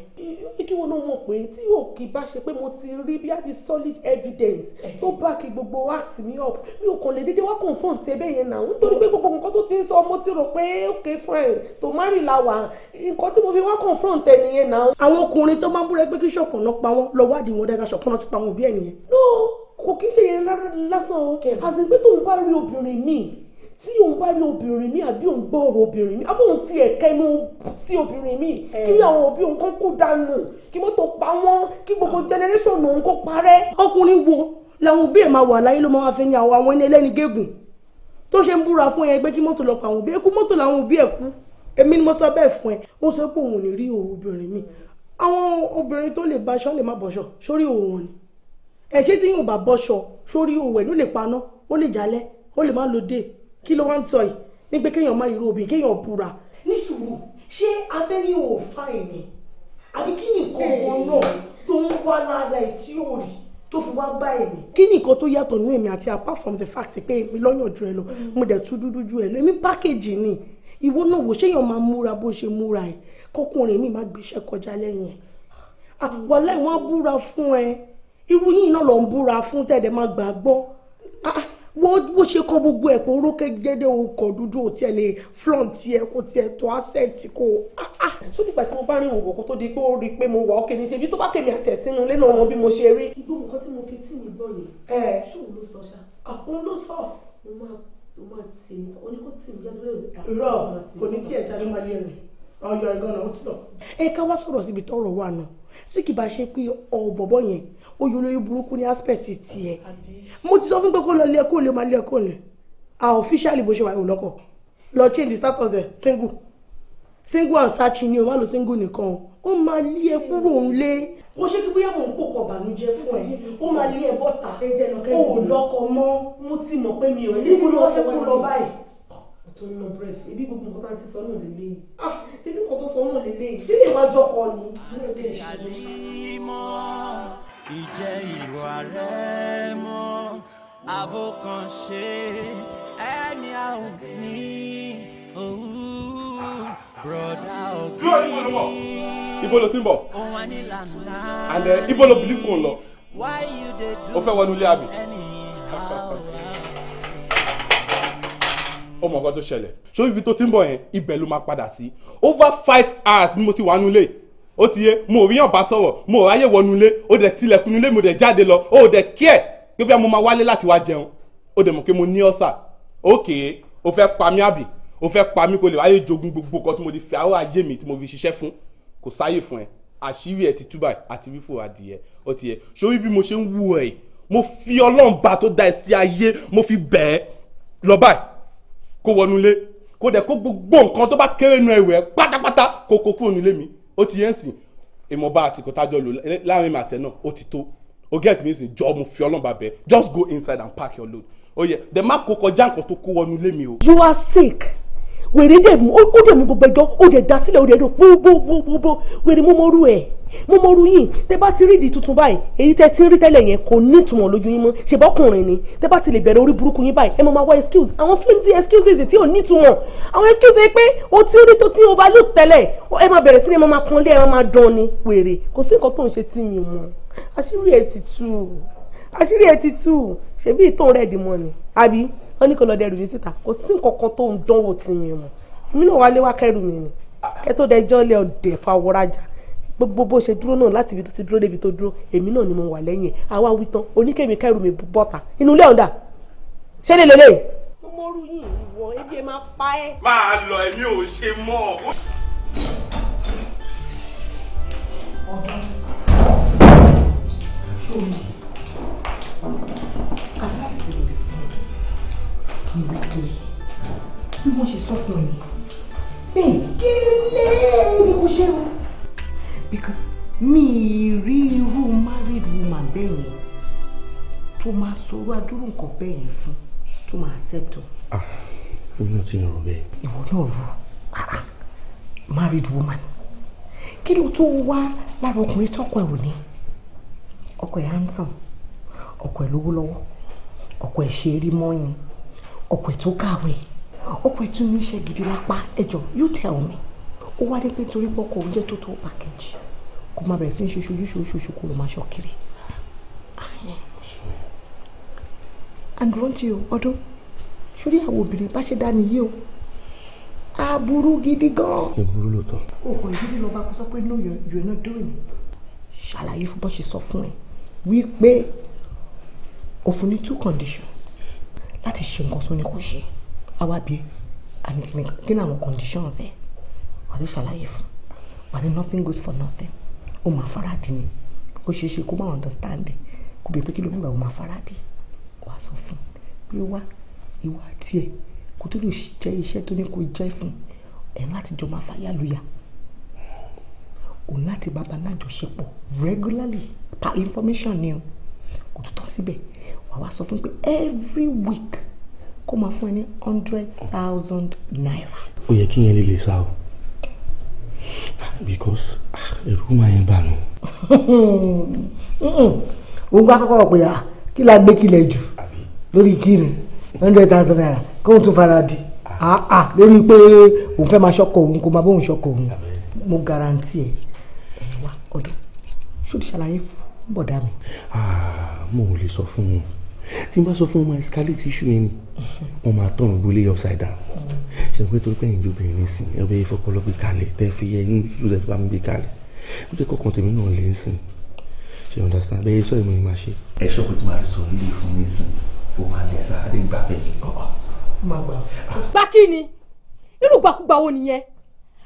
ìdíwọ́ náà mọ̀ pé tí yóò kí bá ṣe pé mo ti rí bí àbí solid evidence tó back gbogbo act me up mi ò kàn lè dédé wá confront ti ẹbẹ yẹn náà nítorí pé gbogbo nǹkan tó ti ń sọ ọmọ ti rò pé ok fine tó má rí la wà nǹkan tí mo fi wá confront ẹ nìyẹn náà. àwọn ọkùnrin tó máa ń búra pé kí ṣọ̀kan náà pa wọ́n lọ wádìí wọn dáadáa ṣọ̀kan náà ti pa wọn òbí ẹ̀ nìyẹn kò kí ṣe yẹn lásán o àti pé tóun bá rí obìnrin míì tí òun bá rí obìnrin míì àbí òun gbọ́ ọ̀rọ̀ obìnrin míì àbí òun ti ẹ̀ka ẹnu sí obìnrin míì eh. kí àwọn òbí òun kàn kó dànù kí mọ́tò pa wọ́n kí gbogbo jẹnẹrẹ́sọ̀nù òun kó parẹ́. ọkùnrin wo làwọn òbí ẹ̀ máa wà láyé ló máa fi ní àwọn àwọn ẹni ẹlẹ́ni gégùn tó ṣe ń búra fún ẹ pé kí mọ́tò lọ pa àwọn òbí ẹ kú mọ́tò làwọn òbí ẹ kú èmi ni mo sọ bẹ́ẹ̀ fún ẹ ó sọ pé òun ò ní rí obìnrin míì àwọn obìnrin tó lè baṣọ lè má bọ̀ṣọ sórí òun ni ẹ ṣé tí yóò bá bọ́ṣọ sórí òwò ẹ̀ ló lè paná ó lè jalẹ̀ ó lè má lo dé kí ló wá ń sọ yìí ní pé kéèyàn má irú obìnrin kéèyàn búra. ní sùúrù ṣé afẹ́ ní o fa ìní àbí kí ni nǹkan kan náà tó ń wá lára ẹ̀ tí ò rí tó fi wá bá ẹ̀mí. kí ni tó yàtọ̀ nínú èmi àti apart from the fact pé èmi lọ́yàn ju ẹ lọ mm. mo dẹ̀ tún dúdú ju ẹ lọ èmi pákéjì ni ìwọ náà wò ṣéyàn máa múra bó ṣe múra ẹ kọkùnrin mi máa gbéṣẹ́ kọjá lẹ́yìn ẹ ah, àwọn aláìwọ̀n búra fún ẹ irú yìí náà lọ ń búra fún tẹ̀dẹ̀ máa gbàgbọ́ wọ́n ah, ah, ṣe kọ́ gbogbo ẹ̀ kó rókè gẹ́gẹ́ ọkọ̀ dúdú ò tiẹ̀ lè flọ́ǹtì ẹ̀ kó tiẹ̀ tó asẹ́ǹtì kó. sódì ah, ìgbà tí mo bá rìn òwò kó tó di pé ó rí i pé mo wà ókè níṣẹ́ ibi tó bá kèmí àtẹ̀sínú lẹ́nu ọmọ bí mo ṣe rí. ìgbó nǹkan tí mo fi tì mí gbọ́ yẹn. ẹ ẹ ṣóun ló sọ ṣá. òun ló sọ. mo máa mo máa tì mí oníkó tì mí jáde lórí. rọ kò ní tí ẹ jáde máa lé ẹ tí kì bá ṣe pé ọ̀ bọ̀bọ̀ yẹn ó yọ olórí burúkú ní aspect tiẹ̀ mo ti sọ fún pé kó lọ lé ẹkọ lè máa lé ẹkọ lè à officially bó ṣe wà ìwòlọ́kọ lọ change the status ẹ single single and searching ni o má lo single nìkan o ó máa lé ẹ kúrò ńlé mo ṣe kí bóyá mò ń pò kọ bànújẹ́ fún ẹ ó máa lé ẹ bọ́ta ó lọ́kọ mọ́ mo ti mọ̀ pé mi ò ní mo lọ fẹ́ báyìí tó ń ná bread ebi gbogbo nǹkan tá a ti sọ náà lélẹ̀ yìí ah ṣé bí nǹkan tó sọ náà lélẹ̀ yìí ṣé lè wá jọkọ ni. àti àlímọ́ ìjẹ́ ìwà rẹ̀ mọ́ àbókanṣe ẹni a ò ní òwú broda òbí. ibo ló ti ń bọ̀ and ibo ló bìlí kò ń lọ o fẹ́ wọnú ilé àbí. ó mọ̀ nǹkan tó ṣẹlẹ̀ ṣó ibi tó ti ń bọ̀ yẹn ibẹ̀ ló máa padà sí over five hours ni mo ti wà nulẹ̀ ó ti yé mo rí yàn sọ̀rọ̀ mo ráyè wọ nulẹ̀ ó dẹ̀ tilẹ̀kùn nulẹ̀ mo dẹ̀ jáde lọ ó dẹ̀ kíẹ̀ pé bí mo máa wálé láti wá jẹun ó dẹ̀ mọ̀ pé mo ní ọ̀sà ókè ó fẹ́ pa mí àbí ó fẹ́ pa mí kó lè ráyè jogún gbogbo nǹkan tí mo ti fi àárọ̀ ayé mi tí mo fi ṣiṣẹ́ fún kò sáyè fún ẹ àṣírí ẹ ti túbà àti wífò adìyẹ ó ti yẹ sórí bí mo ṣe ń wù ẹ mo fi ọlọ́run bá tó da ẹ sí ayé mo fi bẹ̀ ẹ́ lọ báyìí kó wọnú ilé kó dẹ̀ kó gbogbo nǹkan tó bá kéré nu ẹ̀wẹ̀ pátápátá kó kó kúrò nílé mi ó ti yẹn sìn ìmọ̀ba àsìkò tájọ lò láàrin màtẹ náà ó ti tó o get me sin jọ mo fi Ọlọ́run bá just go inside and pack your load ó yẹ dẹ̀ má kó kọjá nǹkan tó kó wọnú ilé mi o. you are sick wèrè dẹ̀ mú ó dẹ̀ mú gbogbo ẹjọ́ ó dẹ̀ dá sílẹ̀ ó dẹ̀ dò bó bó bó bó wèrè mọ́mọ́rú ẹ̀ mo mọ oru yín tẹ bá ti rí ìdí tuntun báyìí èyí tẹ ti ń rí tẹ́lẹ̀ yẹn kò ní ìtumọ̀ lójú yín mọ́ ṣèbọ́kùnrin ni tẹ bá ti lè bẹ̀rẹ̀ orí burúkú yín báyìí ẹ mọ máa wá excuse àwọn flimsy excuses tí ò ní ìtumọ̀ àwọn excuse pé o ti rí tó ti overlook tẹ́lẹ̀ ẹ máa bẹ̀rẹ̀ sí ni ẹ máa pọ́nlé ẹ máa dán ni wèrè kò sí nǹkan tó ń ṣe tí mi mọ̀ àṣírí ẹ ti tú àṣírí ẹ ti tú ṣèbí ìtàn rẹ̀ dì mọ́ ni àbí wọ́n ní kò lọ́ọ́ dẹrù mi síta kò sí nǹkan kan tó ń dánwò tì mí mọ̀ èmi náà wá wá kẹrù mi ni kẹ́tọ́ dẹjọ́ lé ọ̀dẹ̀ fáwọ́rajà gbogbo bó ṣe dúró náà láti ibi tó ti dúró débi tó dúró èmi náà ni mo wà lẹ́yìn àwa wí tán oníkèmí kẹrù mi bọ́ta inú ilé ọ̀dà ṣé lè lélẹ̀. mo mọ́rú yìí ìwọ ebi ẹ máa pa ẹ́. máa lọ èmi ò ṣe mọ́ bí wọ́n ṣe sọ fún mi kí lè rí bó ṣe rò because mi rí irú married woman bẹ́ẹ̀ yẹn tó máa sọ̀rọ̀ adúrú nǹkan bẹ́ẹ̀ yẹn fún tó máa accept ọ. èmi ah, ò ti rò bẹ́ẹ̀. ìwọ náà rò ah, ah. married woman kí ló tó wá lára ọkùnrin tọkọ ẹ ò ọkọ ẹ handsome ọkọ ẹ lówó lọ́wọ́ ọkọ ẹ ṣe eré mọyìn ọkọ ẹ tó kàwé ọkọ ẹ tún níṣẹ́ gidi lápá ẹjọ you tell me ó wá dé pé nítorí pọ́kọ̀ oúnjẹ tó tó package kó máa bẹ̀rẹ̀ sí í ṣe ṣojúṣe oṣooṣù kó lọ máa ṣọ kiri. àǹdùrántí o ọdún sórí àwọn obìnrin bá ṣe dá nìyí o aburú gidi gan. aburú lóòótọ́. o kò ìdílé lọ bá kó sọ pé no you are not doing it. ṣàlàyé fún bó ṣe sọ fún ẹ wípé òfin ní two conditions láti ṣe nǹkan tó ní kó ṣe àwa bíi àmì kí ni àwọn conditions ẹ. Eh? wà ní ṣàlàyé fún wà ní nothing goes for nothing ó máa faradì ni ó ṣeé ṣe kó má understand ẹ kó bẹ pé kí ló nígbà ó máa faradì wà sọ fún pé wá ìwà tiẹ̀ kó tó lè jẹ́ iṣẹ́ tó ní kó jẹ́ fún ẹ̀ láti jọ máa fáyà lóya òun láti bàbá náà jọṣepọ̀ regularly pa information ni o kò tó tán síbẹ̀ wà wá sọ fún pé every week kó máa fún ẹ ní hundred thousand naira. ó yẹ kí yẹn lè lè sá o because ah, ẹ̀rù máa ń bà mí. òun kọ́ akọ́kọ́ pé ah, kí la gbé kílẹ̀ jù lórí kíni hundred thousand naira kóun tún fara di ah. lórí pé òun fẹ́ máa ṣọ́kọ̀ òun kò máa bóun ṣọ́kọ̀ òun mo garanti ẹ̀ ẹ̀ wá ọdún ṣòdì ṣàlàyé fún bọ̀dá mi. mo ò lè sọ fún wọn tí n bá sọ fún wọn máa escalate issue yẹn ni wọn máa tọrùn gbólé upside down ṣe pé torí pé ẹ̀yin obìnrin ní sìn ẹ bẹ́ẹ̀ fọpọlọ gbé kalẹ̀ tẹ́ fi ẹyin lulẹ̀ fún mi gbé kalẹ̀ ó jẹ́ kọ́kàn tèmi náà lè ń sìn ṣe understand bẹ́ẹ̀ sọ ìmọ̀ ìmọ̀ ṣe. ẹ sọ pé tí màá ti sọ nílé fún mi sìn ó máa lè sá adé gbà bẹ́ẹ̀ ọ̀ọ́ máa gbà. bákì ah. ni nínú gbàkúgbà wo nìyẹn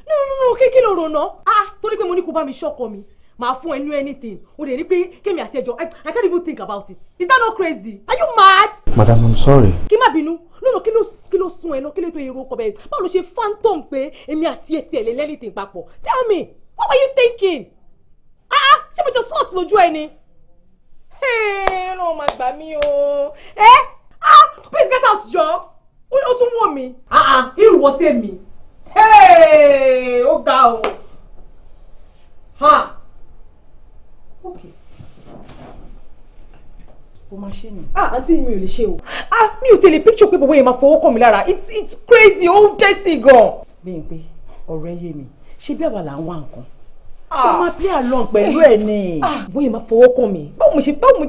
nínú nínú kékeré ló rò náà ah torí pé mo ní kó bá mi ṣọ́kọ mi máa fún ẹ ní anything o lè rí pé kémi àti ẹjọ I can't even think about it is that not crazy are you mad. madam i'm sorry. kí má bínú lọ́nà kí ló kí ló sún ẹ náà kí ló tó irú ọkọ bẹ́ẹ̀ báwo ló ṣe phantom pé èmi àti ẹ tiẹ̀ lè lẹ́ni tì papọ̀ tell me what were you thinking ah, ah ṣé mo jọ slot lójú ẹ ni ẹ̀ẹ́n máa gbà mí o ẹ ah please get out jọ ó tún wọ̀ mí. Ah, ah, irú wọ sí èmi ó ga o ha okay o máa ṣe nù. ah àǹtí mi ò lè ṣe o. ah mi ò tẹ̀lé picture pé bọ̀bọ̀ yẹn máa fọwọ́ kàn mí lára it's it's crazy ó dẹ́tì gan. bẹ́ẹ̀ pé ọ̀rẹ́ yé mi ṣé bí àwa ń wá nǹkan. Ah. ó máa play along pẹ̀lú ẹ̀ ni. Ah. Ah, bọ̀bọ̀ yẹn máa fọwọ́ kàn mí báwo mo ṣe báwo mo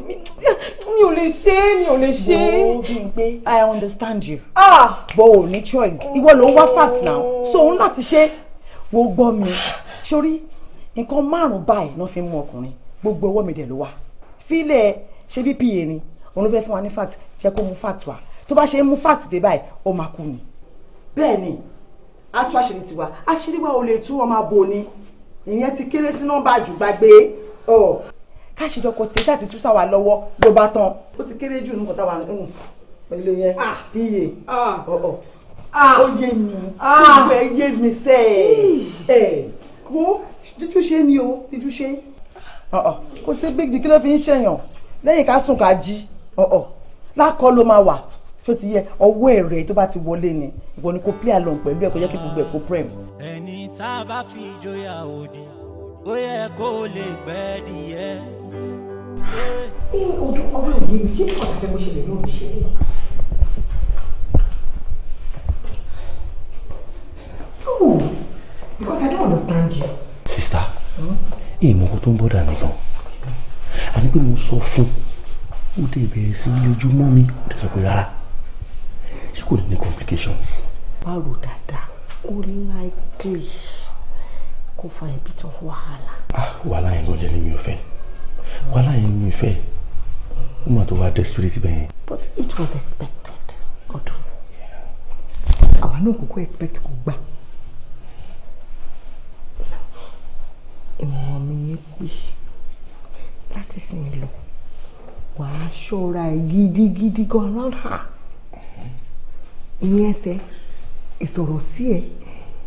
mi ò lè ṣe mi ò lè ṣe. wo bí pé i understand you. ah bó o ní choice ìwọ ló ń wá fact now so òun láti ṣe wo gbọ́ mi sórí nǹkan márùn-ún báyìí ló fi mú ọkùnrin gbogbo ọwọ́ mi dẹ̀ ló wà fílẹ̀ ṣé vpa ni òun ló fẹ́ fún wa ní fact jẹ́ kó mú fact wá tó bá ṣe ń mú fact dé báyìí ó máa kú ni. bẹ́ẹ̀ ni a tún àṣírí tiwa àṣírí wa ò lè tú ọmọ abo ni ìyẹn ti kéré sí nọ́mbà jù gbàgbé ọ káṣídọkọ tí ṣáà ti tú sáwà lọ́wọ́ ló bá tán ó ti kéré jù nǹkan táwa ń pẹ̀lú yẹn iye ah. ah. ọ̀ọ̀ ah. ó yé mi ìfẹ́ yé mi sẹ́ ẹ̀ wo dídúṣe ni o dídúṣe kò sí gbèjì kí ló fi ń ṣèyàn lẹ́yìn ká sùn ká jí ọ̀ọ̀ lákọ́ ló máa wà tó ti yẹ ọwọ́ ẹ̀rẹ́ tó bá ti wọlé ni ìwọ ni kò play along pẹ̀lú ẹ̀ kò yẹ kí gbogbo ẹ̀ kó prem. ẹni tá a bá fi ìjòyà òdì ó yẹ kó lè gbẹ́ díẹ̀. ní odò ọwọ́ ìdí mi kí ni ọ̀tá fẹ́ mo ṣe lóun ṣe é. no because I don't understand you. sista èèmọ̀ hmm? kó tó ń bọ́dà mi àní pé mo sọ fún ó dé ìbẹ̀rẹ̀ sí lójúmọ́ mi ó dé sọ pé rárá ṣé kò ní ní complications. báwo dáadáa ó láìpẹ́ kó fa a bit of wàhálà. ah wàhálà yẹn gan-an ni mi ò fẹ́ wàhálà yẹn ni mi ò fẹ́ ó mà tó wá desperate bẹ́ẹ̀. but it was expected ọdún àwa náà kò kó expect kò gbà. ìmọ̀ràn mi yẹn pé láti sìn lọ wàá ṣọ́ra ẹ gidigidi go around her ìyẹn ẹsẹ̀ ìsọ̀rọ̀ sí ẹ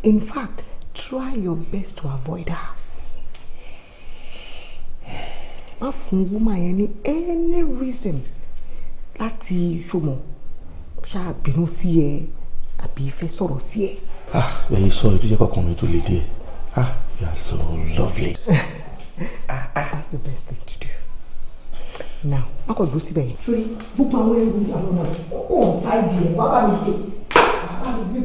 in fact try your best to avoid her má fún woman yẹn ní any reason láti ṣọmọ ṣáà bínú sí ẹ àbí fẹ́ sọ̀rọ̀ sí ẹ. ah ẹ̀yin sọ ètò jẹ́ ah you are so lovely. Ah, ah. that's the best thing to do now wọn kò dúró síbẹ̀ yẹn. sori fún pa àwọn ẹrù àwọn ọmọ rẹ kókó ọ̀tá ìdí ẹ̀ wá bá mi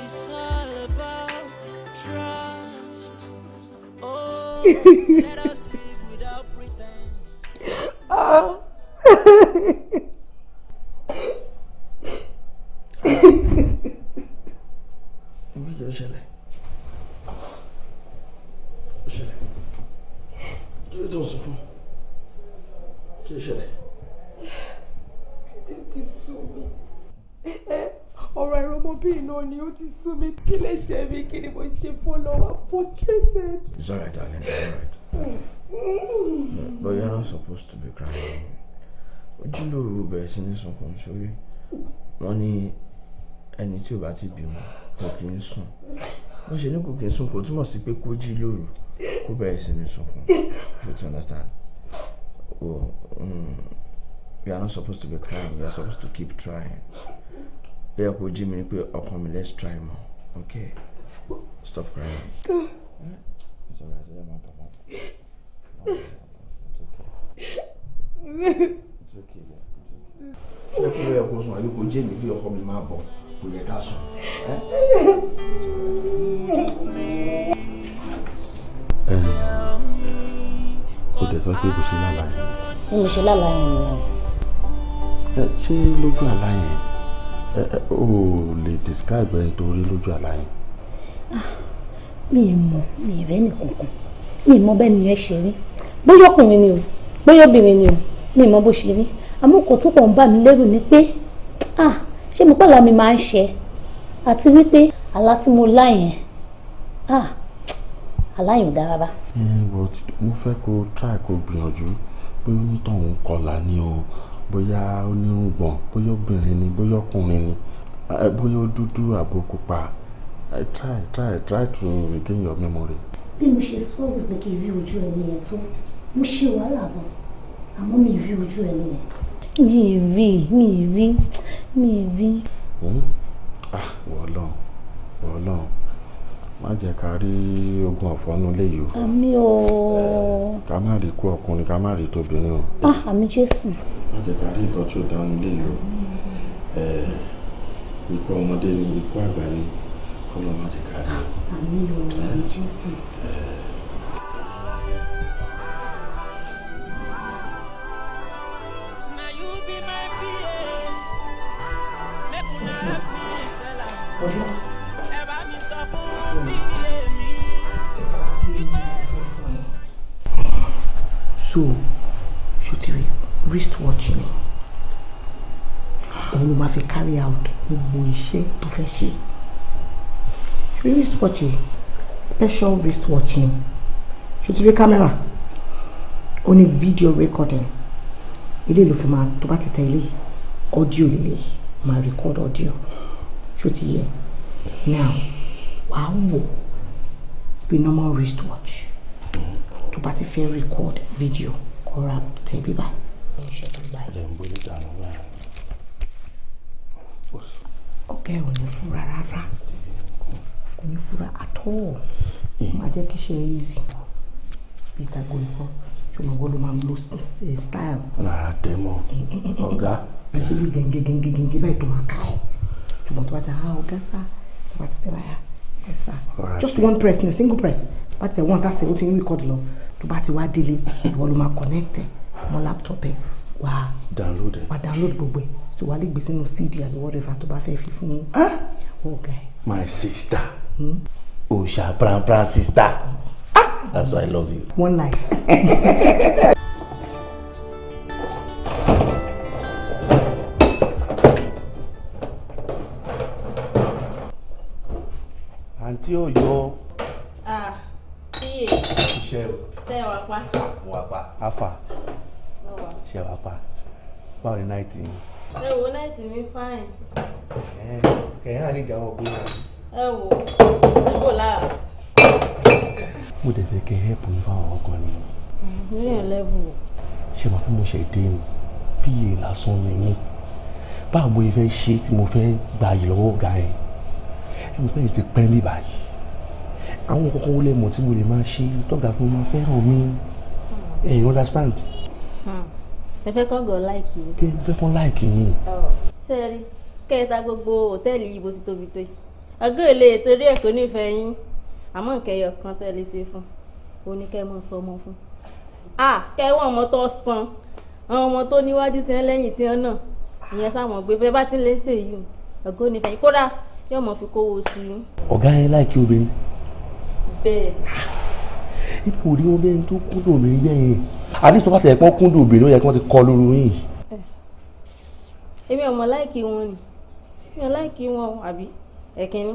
It's all about trust. Oh, ṣe follow I'm frustrated. It's alright, darling, it's alright. But you're not supposed to be crying. Ojúlówó you sí ní sunkún sórí. Wọ́n ní ẹni tí ò bá ti bímọ kò kí ń sùn. Wọ́n ṣe ní kò kí ń sùn you túmọ̀ sí pé kó jí lóru kó bẹ̀rẹ̀ sí ní You understand? Oh, um, you are not supposed to be crying. You are supposed to keep trying. Ẹ kò jí mi ni pé ọkàn let's try more. Okay. Stop crying. Go. It's alright. It's alright. No, it's okay. It's okay. Ṣé kí ló yẹ kó sùn àyíkó jẹ́ mi bí ọkọ mi máa bọ̀ kò yẹ ká sùn? Kò tẹ̀ sọ pé kò ṣe lálàá yẹn. Bí mo ṣe lálàá yẹn nìyẹn. Ṣé lójú àlá yẹn eh, eh, o lè describe ẹni tó rí lójú àlá yẹn? mi ì mọ̀ mi ì rẹ́ nìkankan mi ì mọ̀ bẹ́ẹ̀ ni ẹ ṣe rí bóyá ọkùnrin ni o bóyá obìnrin ni o mi ì bó ṣe rí àmọ́ kò tún pọ̀ ń bà mí lẹ́rù ni pé ah ṣé mo pàlà mi máa ń ṣe àti wípé àlá tí mo lá yẹn ah àlá yẹn ò dára rárá. mo fẹ́ kó try kó gbìyànjú pé ó ń tàn ń kọlà ni o bóyá onírùngbọ̀n bóyá obìnrin ni bóyá ọkùnrin ni bóyá ó dúdú àbó pupa I try try try to regain your memory. bí mo ṣe sọ wípé kí n rí ojú ẹni yẹn tó mo ṣe wàhálà gan àmọ́ mi rí ojú ẹni yẹn. mi rí mi rí mi rí. Hmm? Ah, wọ́ọ̀lọ́ wọ́ọ̀lọ́ má jẹ́ ká rí ogun ọ̀fọ́nú léyìí o. àmì o. Eh, ká má rí ikú ọkùnrin ká má rí tóbìnrin o. Ah, àmì jésù. má jẹ́ ká rí nǹkan tí ó dánú léyìí o. Eh, ikú ọmọdé ni ikú àgbà ni kọ́lọ́ má ti kárí. àmì ìròyìn jésù. so ṣó ti rí wristwatch ni òun ló carry out gbogbo iṣẹ́ tó fẹ́ ṣe rí wristwatch special wristwatch ni ṣùtú rí kámẹ́rà ó ní video recording ilé ló fi máa tó bá ti tẹ ilé audio ilé máa record audio ṣùtú yẹ now wàá wò bí normal wristwatch tó bá ti fẹ́ record video ọ̀rá tẹ bíbá. ọ̀gá ẹ̀ ò ní fura rárá kò ní fura àtọ́ mm. máa jẹ́ kí ṣe easy peter goyikọ ṣùgbọ́n wọ́n ló máa ń lo eh, style. rárá tẹ mọ ọ̀gá. ṣé bí gẹ́gẹ́ gẹ́gẹ́ gẹ́gẹ́ báyìí tó máa ká ẹ̀ ṣùgbọ́n tó bá ta ah ọ̀gá sá tó bá ti tẹ́ báyà ah, ẹ̀ sá just one press ní single press bá ti tẹ̀ once that's the ó thing we record lọ tó bá ti wá délé ìwọ ló máa connect ẹ̀ mọ́ laptop ẹ̀ wà á download ẹ̀ wà á download gbogbo ẹ̀ tó wà á lè gbé sínú cd àbí whatever tó bá fẹ́ fi fún ọ̀gá ẹ̀. my sister òòṣà hmm? pranpran sister ah that's why i love you. one life. ṣẹ̀ṣẹ̀ dé ni bíyè lásán ni mí báwo mo fẹ́ ṣe tí mo fẹ́ gba yìí lọ́wọ́ ọ̀gá yẹn ẹ̀mí pé ti pẹ́ mi báyìí àwọn kọ̀ọ̀kan wọlé mọ̀ tí mo lè máa ṣe tọ́gà fún mi fẹ́ràn mi ẹ̀ you understand. ẹ fẹ́ kọ́ gọ̀ láìkì mi. ẹ fẹ́ kọ́ láìkì mi. sẹ́ẹ̀rì kẹta gbogbo hòtẹ́ẹ̀lì yìí bó ti tóbi tó yìí ọgọ́ èlé torí ẹ̀ nífẹ̀ẹ́ yín àmọ́ nkẹyọ kan tẹ́ ṣe fún oníkẹ́mọ́ sọmọ fún. a kẹwọn ọmọ tó san àwọn ọmọ tó níwájú ti ń lẹ́yìn tí wọ́n náà ìyẹn sáwọn gbé bẹ́ẹ̀ bá ti lè ṣe yìí ẹ̀gọ́ ní fẹ̀yìn kódà yóò mọ̀ fi kówó sí i. ọ̀gá yẹn láìkí obìnrin. bẹ́ẹ̀. ipò rí obìnrin tó kúndùn obìnrin bẹ́ẹ̀ yẹn àti tó bá tẹ̀ pọ́n kúndùn obìnrin ó yẹ kí wọ́n ti kọ lóru yìí. èmi ọmọ láìkí wọn ni mi ò láìkí wọn àbí ẹ̀kínní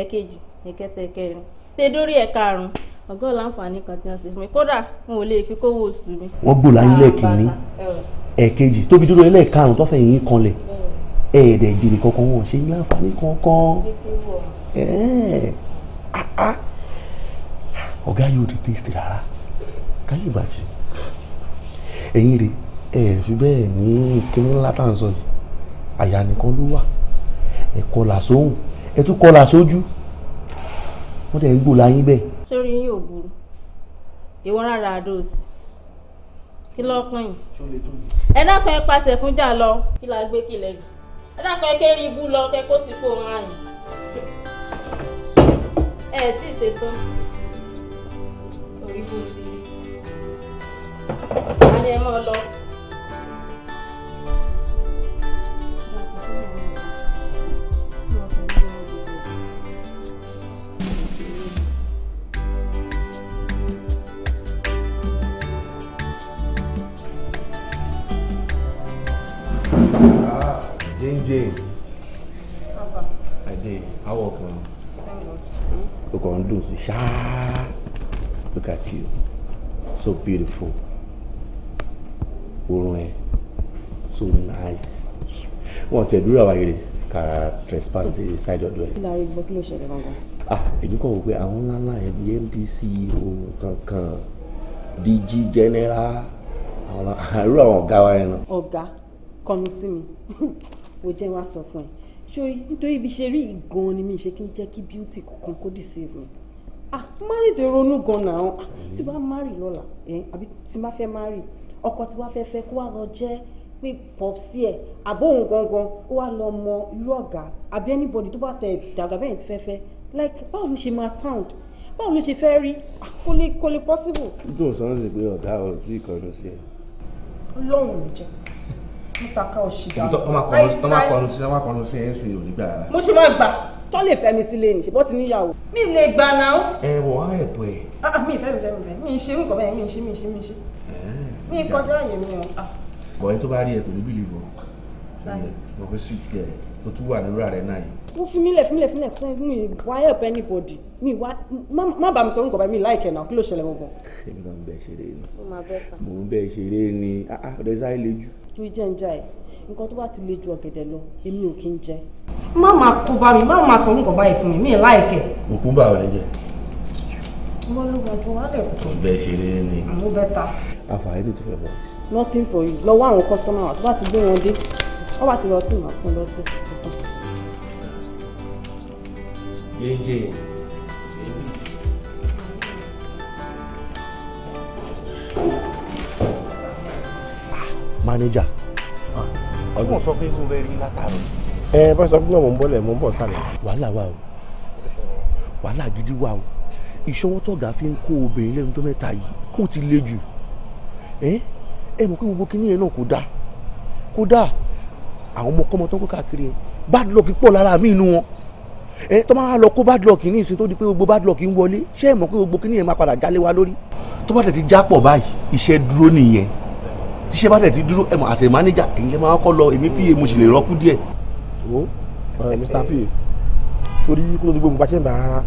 ẹ̀kejì ẹ̀kẹta ẹ̀kẹrin tẹ dórí ẹ̀karùn-ún ọgọ́ láǹfààní kan tí wọ́n ṣe fún mi kódà n ò lè fi kówó oṣù mi. wọ́n gbòòlà yín lẹ́ẹ̀kìnní ẹ̀ẹ̀kejì tóbi dúró ẹlẹ́ẹ̀karùn-ún tó fẹ̀yìn yín kanlẹ̀ ẹ̀ẹ̀dẹ̀ jìnnì kankan wọn ṣe ní láǹfààní kankan ọ̀gá yóò di taste rárá káyé ìbàjẹ́ ẹ̀yìn rè ẹ̀ fi bẹ́ẹ̀ ní kíní ńlá tá à ń sọ yìí àyà nìkan ló wà ẹ̀ kọlà sóhùn ẹ̀ tún kọlà sójú wọ́n dẹ̀ ń gbòòlà yín bẹ́ẹ̀ torí yín ò burú ìwọ rárá àdóòsì kí ló pín in ẹ dákun ẹ pàṣẹ fún jà lọ kí la gbé kílẹ̀ jù ẹ dákun ẹ kéré ibú lọ kẹ kó sì kó o máa yìn ẹ tí ì ṣètò orí bó ti rí a lọ. Jane. Papa. I did. How work now? Look on do see. Look at you. So beautiful. Orun ẹ. So nice. Wọ́n tẹ̀ dúró àwáyé rẹ̀ kàrà trespass the side of ọ̀dọ̀ ẹ̀. Láàrin gbọ́ kí ló ṣẹlẹ̀ gangan? Ah, èmi kàn wò I want, ńláńlá yẹn the MDC ohun kankan DG general àwọn àrùn àwọn ọ̀gá wa yẹn náà. Ọ̀gá kọnu sí mi. wo jẹ́ wá sọ fún ẹ sórí nítorí ibi ṣe rí ìgan ni mi ṣe kí n jẹ́ kí beauty kankan kó deceive mi ah má lè dé ronú gan náà tí bá marry lọ́la àbí tí má fẹ́ marry ọkọ tí wá fẹ́ fẹ́ kó wá lọ jẹ́ pé pọ̀psí ẹ̀ àbóhùn gangan ó wá lọ mọ irú ọ̀gá àbí anybody tó bá tẹ dàgbà bẹ́ẹ̀ ti fẹ́ fẹ́ like báwo ló ṣe máa sound báwo ló ṣe fẹ́ rí kò lè kò lè possible. títún sọ́nà sí pé ọ̀gá ọ̀ tí ì kọ́nu sí ẹ. ọlọ́run ò jẹ́ mutaka òṣìdá tọmọkọrun sí tọmọkọrun sí ẹsẹ ò ní gbà rárá. mo ṣe máa gbà tó lè fẹ́ mi sílé ní ṣe bó ti níyàwó. mi lè gbà náà. ẹ wọ á ẹ bọ ẹ. mi ìfẹ́ mi fẹ́ mi fẹ́ mi ṣe nǹkan bẹ́ẹ̀ mi ṣe mi ṣe mi ṣe. mi kọjá àyè mi o. Ah. bọ̀ ẹ tó bá rí ẹ kò ní bìlì bọ̀ mo fẹ́ sùn kẹ́ tó tún wà lórí ààrẹ náà yìí. ó fi mí lẹ̀ fún mi lẹ̀ fún mi lẹ̀ mi wá help anybody mi wá má bàa mi sọ nǹkan bá mi láìkẹ́ náà kí ló ṣẹlẹ̀ gbọ̀ngàn. èmi náà ń bẹ ṣeré ni mò ń bẹ ṣeré ni ah, ah, ọ̀rẹ́ sáré le jù. tó jẹ́ ń já ẹ̀ nǹkan tó bá ti le ju ọ̀gẹ̀dẹ̀ lọ èmi ò kí ń jẹ. má máa kó bá mi má máa sọ nǹkan báyìí fún mi mi láìkẹ́. òkú bá ò lè jẹ bẹ́ẹ̀ ṣe rí ni. àmú bẹ́ta. àfààní ní ti fẹ́ bọ̀. nothing for you lọ wá àwọn kọ́sọ́mà wa tó bá ti gbé wọn dé wọ́n bá ti lọ tún ìmọ̀ fún lọ́sẹ̀. JJ. manager. Ah, ọgbọ́n sọ pé mo bẹ rí látàrí. ẹ bá sọ fún mi mò ń bọ́lẹ̀ mò ń bọ̀ sálẹ̀. wàhálà wà o wàhálà gidi wà o ìṣọwọ́ tọ̀gá fi ń kó obìnrin lẹ́nu tó mẹ́ta yìí kó ti le jù ẹ ẹ mọ̀ pé gbogbo kinní yẹn náà kò dáa kò dáa àwọn ọmọkọ́mọ tó ń káàkiri yẹn bad luck pọ̀ lára mi inú wọn ẹ tó máa lọ kó bádlọ́ọ̀kì ní ìsìn tó di pé gbogbo bádlọ́ọ̀kì ń wọlé ṣé ẹ mọ̀ pé gbogbo kíní yẹn máa padà jálé wa lórí. tó bá tẹ̀ ti já pọ̀ báyìí iṣẹ́ dúró nìyẹn tíṣẹ́ bá tẹ̀ ti dúró ẹ mọ̀ àṣẹ mánéjà èyí lè máa kọ́ lọ èmi pa mo sì lè rọ́kú díẹ̀. o Mr. pa sori kúló dìgbò mo pàṣẹ ìbára rárá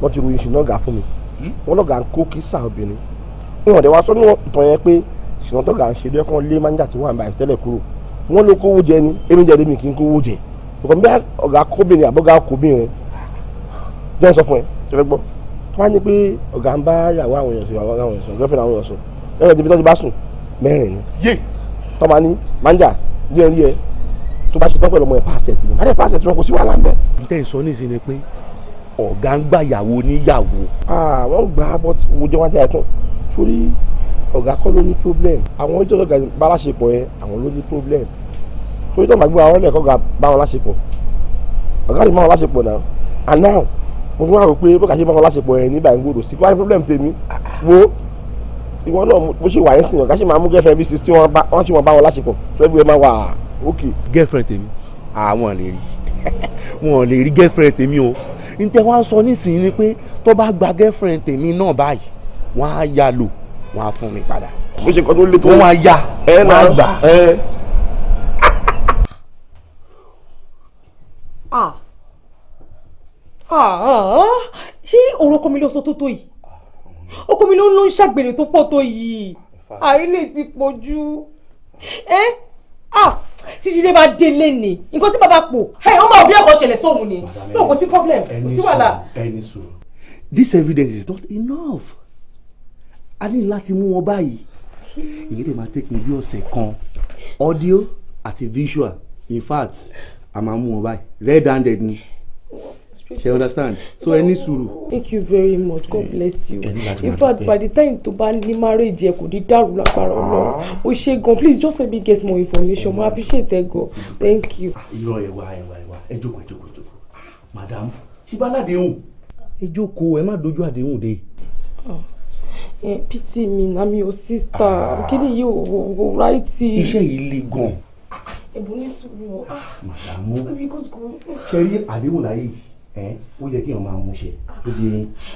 wọn ti ròyìn ṣìnà ọgá fún mi hmm? wọn lọgà ń kó kísà obìnrin wọn ọdẹ wa sọ ní ìtàn yẹn pé ṣìnà tọgà ń ṣe lẹkàn lé máníjà tó wà ń báyìí tẹ́lẹ̀ kúrò wọn ló kówó jẹ ni èmi jẹ lèmi kì í kówó jẹ because bí ọ̀gá kóbìnrin àbọ̀gá kóbìnrin jẹ́ sọ fún ẹ tó fẹ́ gbọ́ tó bá ní pé ọ̀gá ń bá yàwó àwọn èèyàn sùn yàwó àwọn èèyàn sùn girlfriend àwọn èèyàn sùn ẹ̀rọ ìdíbi tó ti bá sùn mẹ́rin ni. yé tó bá ní manja ní ẹ̀rí ẹ tó bá ṣe tán pẹ̀lú ọmọ ẹ̀ pàṣẹ sí mi àdé pàṣẹ sí wọn kò sí wàhálà ńbẹ. ǹtẹ́ ìsọ nísìn ni pé ọ̀gá ń gbà yàwó níyàwó. àwọn gbà á bọ́ wo jẹ́ wá jẹ́ ẹ̀tún sórí ọ̀gá kọ́ ló ní problem àwọn ojú ọ̀gá yẹn àwọn ló ní problem torí tó máa gbé àwọn ẹlẹ́kọ̀ọ́ ga a wọn I got him máa wọn láṣepọ̀ náà and now mo fún wa rò pé bó kà ṣe máa wọn láṣepọ̀ yẹn ní bàǹgòrò sí wáyé problem tèmi wo ìwọ náà bó ṣe wà yẹn sìn ọ̀gá ṣe máa mú girlfriend bí sixty wọn ṣe wọn bá wọn láṣepọ̀ so everywhere máa wà ok. girlfriend tèmi àwọn lè rí wọn lè rí girlfriend tèmi o n tẹ wá sọ nísìnyí ni pé tó bá gba girlfriend tèmi náà báyìí wọn á yá lò wọn á fún mi padà. bó ṣe kọ́ tó lé tó. wọn á yá wọn á gbà Ah. Ah, ah, ṣé ọ̀rọ̀ ọkọ mi ló sọ tó tó yìí ọkọ mi ló ń lọ ń ṣàgbèrè tó pọ̀ tó yìí àìlè ti pọ̀ jù ẹ́ tí jíde bá délé ni nǹkan tí bàbá pò ọmọ òbí ẹ̀kọ́ ṣẹlẹ̀ sóhun ni náà kò sí problem kò sí wàhálà. this evidence is not enough a ní láti mú wọn báyìí ìyẹn lè máa take me bí ọ̀sẹ̀ kan audio àti visual in fact a máa mú wọn báyìí red handed ni ṣe understand so ẹ ní sùúrù. thank you very much god bless you in fact by the time tó bá ní marriage ẹ kò ní dàrú lágbára ọlọ́run ah. o ṣe gan please just let me get more information mo appreciate ẹ gan thank you. Ah, irọ́ ẹ wá ẹ wá ẹ wá ẹ jókòó ẹ jókòó ẹ jókòó madam ṣe bá ládéhùn ẹ jókòó ẹ má dojú àdéhùn dé ah. pity mi na mi o sista Kini ni yìí o ráìtì. iṣẹ́ yìí le gan-an ẹ̀bùn ní sùúrù o. Ah, màdàmú ṣẹ́rí àdéhùn láyé yìí ẹ ó yẹ kí èèyàn máa múṣẹ tó ti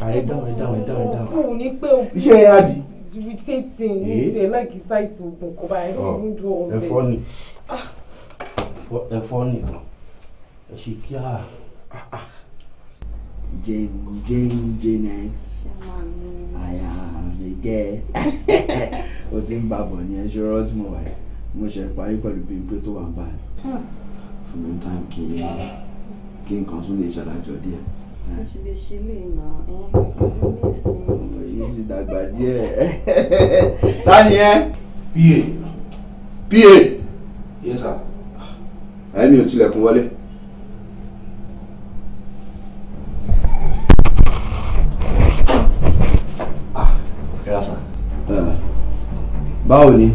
ààrẹ dáhùn ẹ dáhùn ẹ dáhùn ẹ dáhùn. kò ní pé o iṣẹ́ ẹ á di. irritating ní tiẹ̀ láìkí sáìtì ogun kò bá ẹ ń dùn ọ̀rẹ́. ẹ̀fọ́ ni ah. ẹ̀fọ́ nìkan ẹ ṣe kí á jane jane janet i am a girl o ti ń babọ̀ ní ẹ ṣọ́rọ́ tí mo wà mo ṣe parí pẹ̀lú bí n pé tó wà ń báyìí hmm. fún mi tán kí kí nǹkan tún lè ṣàlàjọ díẹ̀. mo hmm. ṣe lè ṣe lè nà ẹ́ kí n sì dàgbà díẹ̀ ta ni pa pa. yes sir. Ah, ò tilẹ̀kùn wọlé. ah ẹ ra hmm. báwo ni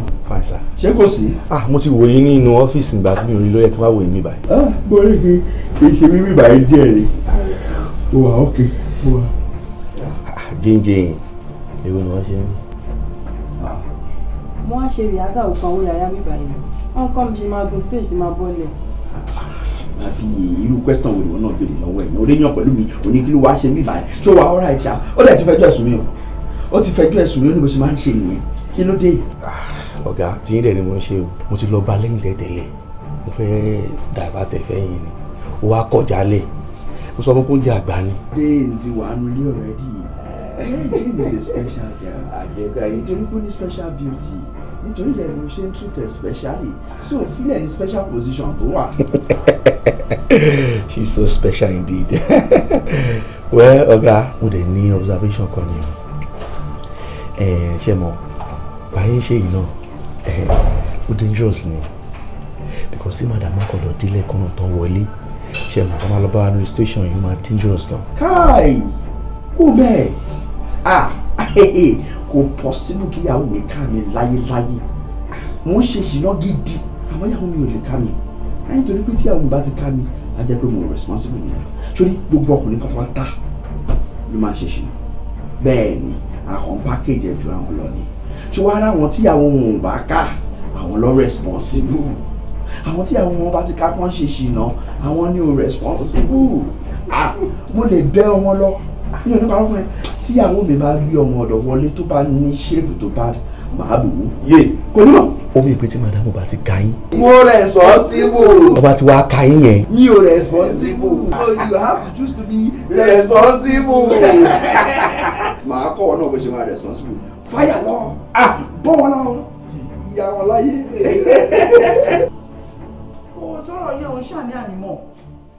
fine sir. ṣé kò sí. ah mo ti wò yín nínú ọ́fíìsì nígbà tí mi ò rí lóye kí n má wò mi báyìí. ah mo rí kí kì í ṣe mímí báyìí díẹ̀ ni mo wà ókè mo wà. Ah, jíjìn èwo ni wọ́n ṣe ń. Ah. mo wá ṣe rìhásà òkun àwọn yàrá mi báyìí wọn kọ́ mi ṣe máa gun stage ti máa bọ́lẹ̀ àfi irú question wo ni wọn náà béèrè lọ́wọ́ ẹ̀yin oríyàn pẹ̀lú mi òní kí ló wá ṣe mí báyìí ṣó wa ọ̀rọ̀ àìsà ó dẹ̀ ti fẹjọ́ ẹ̀sùn mi o ó ti fẹjọ́ ẹ̀sùn mi ó ní bó ṣe máa ń ṣe nìyẹn kí ló dé. Ah ọ̀gá tí yín dẹ̀ ni mo ń ṣe o mo ti lọ bá lẹ́yìn tẹ́tẹ́lẹ̀ mo fẹ́ dàgbà tẹ̀fẹ́ yìí ni ó wá kọjá lẹ̀ mo sọ fún kóúnjẹ àgbà ni. jane ti wà nù ilé already eh, eh, jane is a special girl nítorí pé ó ní special beauty nítorí rẹ̀ ló ṣe ń treat her specially so fílẹ̀ ní special position tó wà. she is so special indeed well ọ̀gá mo dẹ̀ ní observation kan ni ẹ̀ eh, ṣe mọ̀ báyìí ṣe yìí náà Eh, ó dangerous ni because tí madam akọ̀dọ̀ délẹ̀ kọ́nà tán wọlé ṣe mọ̀ kọ́ máa lọ bá wa ní station yìí máa dangerous tán. Kai, kó bẹ́ẹ̀ ah kò possible kí ìyàwó mi ká mi láyéláyé mo ń ṣe ìṣìná gidi àmọ́ ìyàwó mi ò lè ká mi ẹni torí pé tí ìyàwó mi bá ti ká mi á jẹ́ pé mo responsible ni. sórí gbogbo ọkùnrin kan fọwọ́ ta ló máa ń ṣe ìṣìná bẹ́ẹ̀ ni àwọn package ẹ̀ ju àwọn lọ ni ṣé wàá rà àwọn tíyàwó wọn bá ká àwọn lọ responsible àwọn tíyàwó wọn bá ti ká kán ṣe ṣìnà àwọn ni ò responsible ah mo lè bẹ́ ọmọ lọ mi ò ní parọ́ fún ẹ tíyàwó mi bá gbé ọmọ ọ̀dọ̀ wọlé tó bá ní ṣéèpù tó bá màá bù ú yé kò ní mọ̀. omi ìpè tí màdàmú bá ti ka yín. mo responsible. ọba ti wá ka yín yẹn. mi ò responsible. so you have to choose to be responsible. màá kọ́ ọ náà bó ṣe máa responsible. Fire lọ ah, bọ́ wọn náà ìyá wọn láyé. kò sọ̀rọ̀ yẹn òun ṣàní ànímọ̀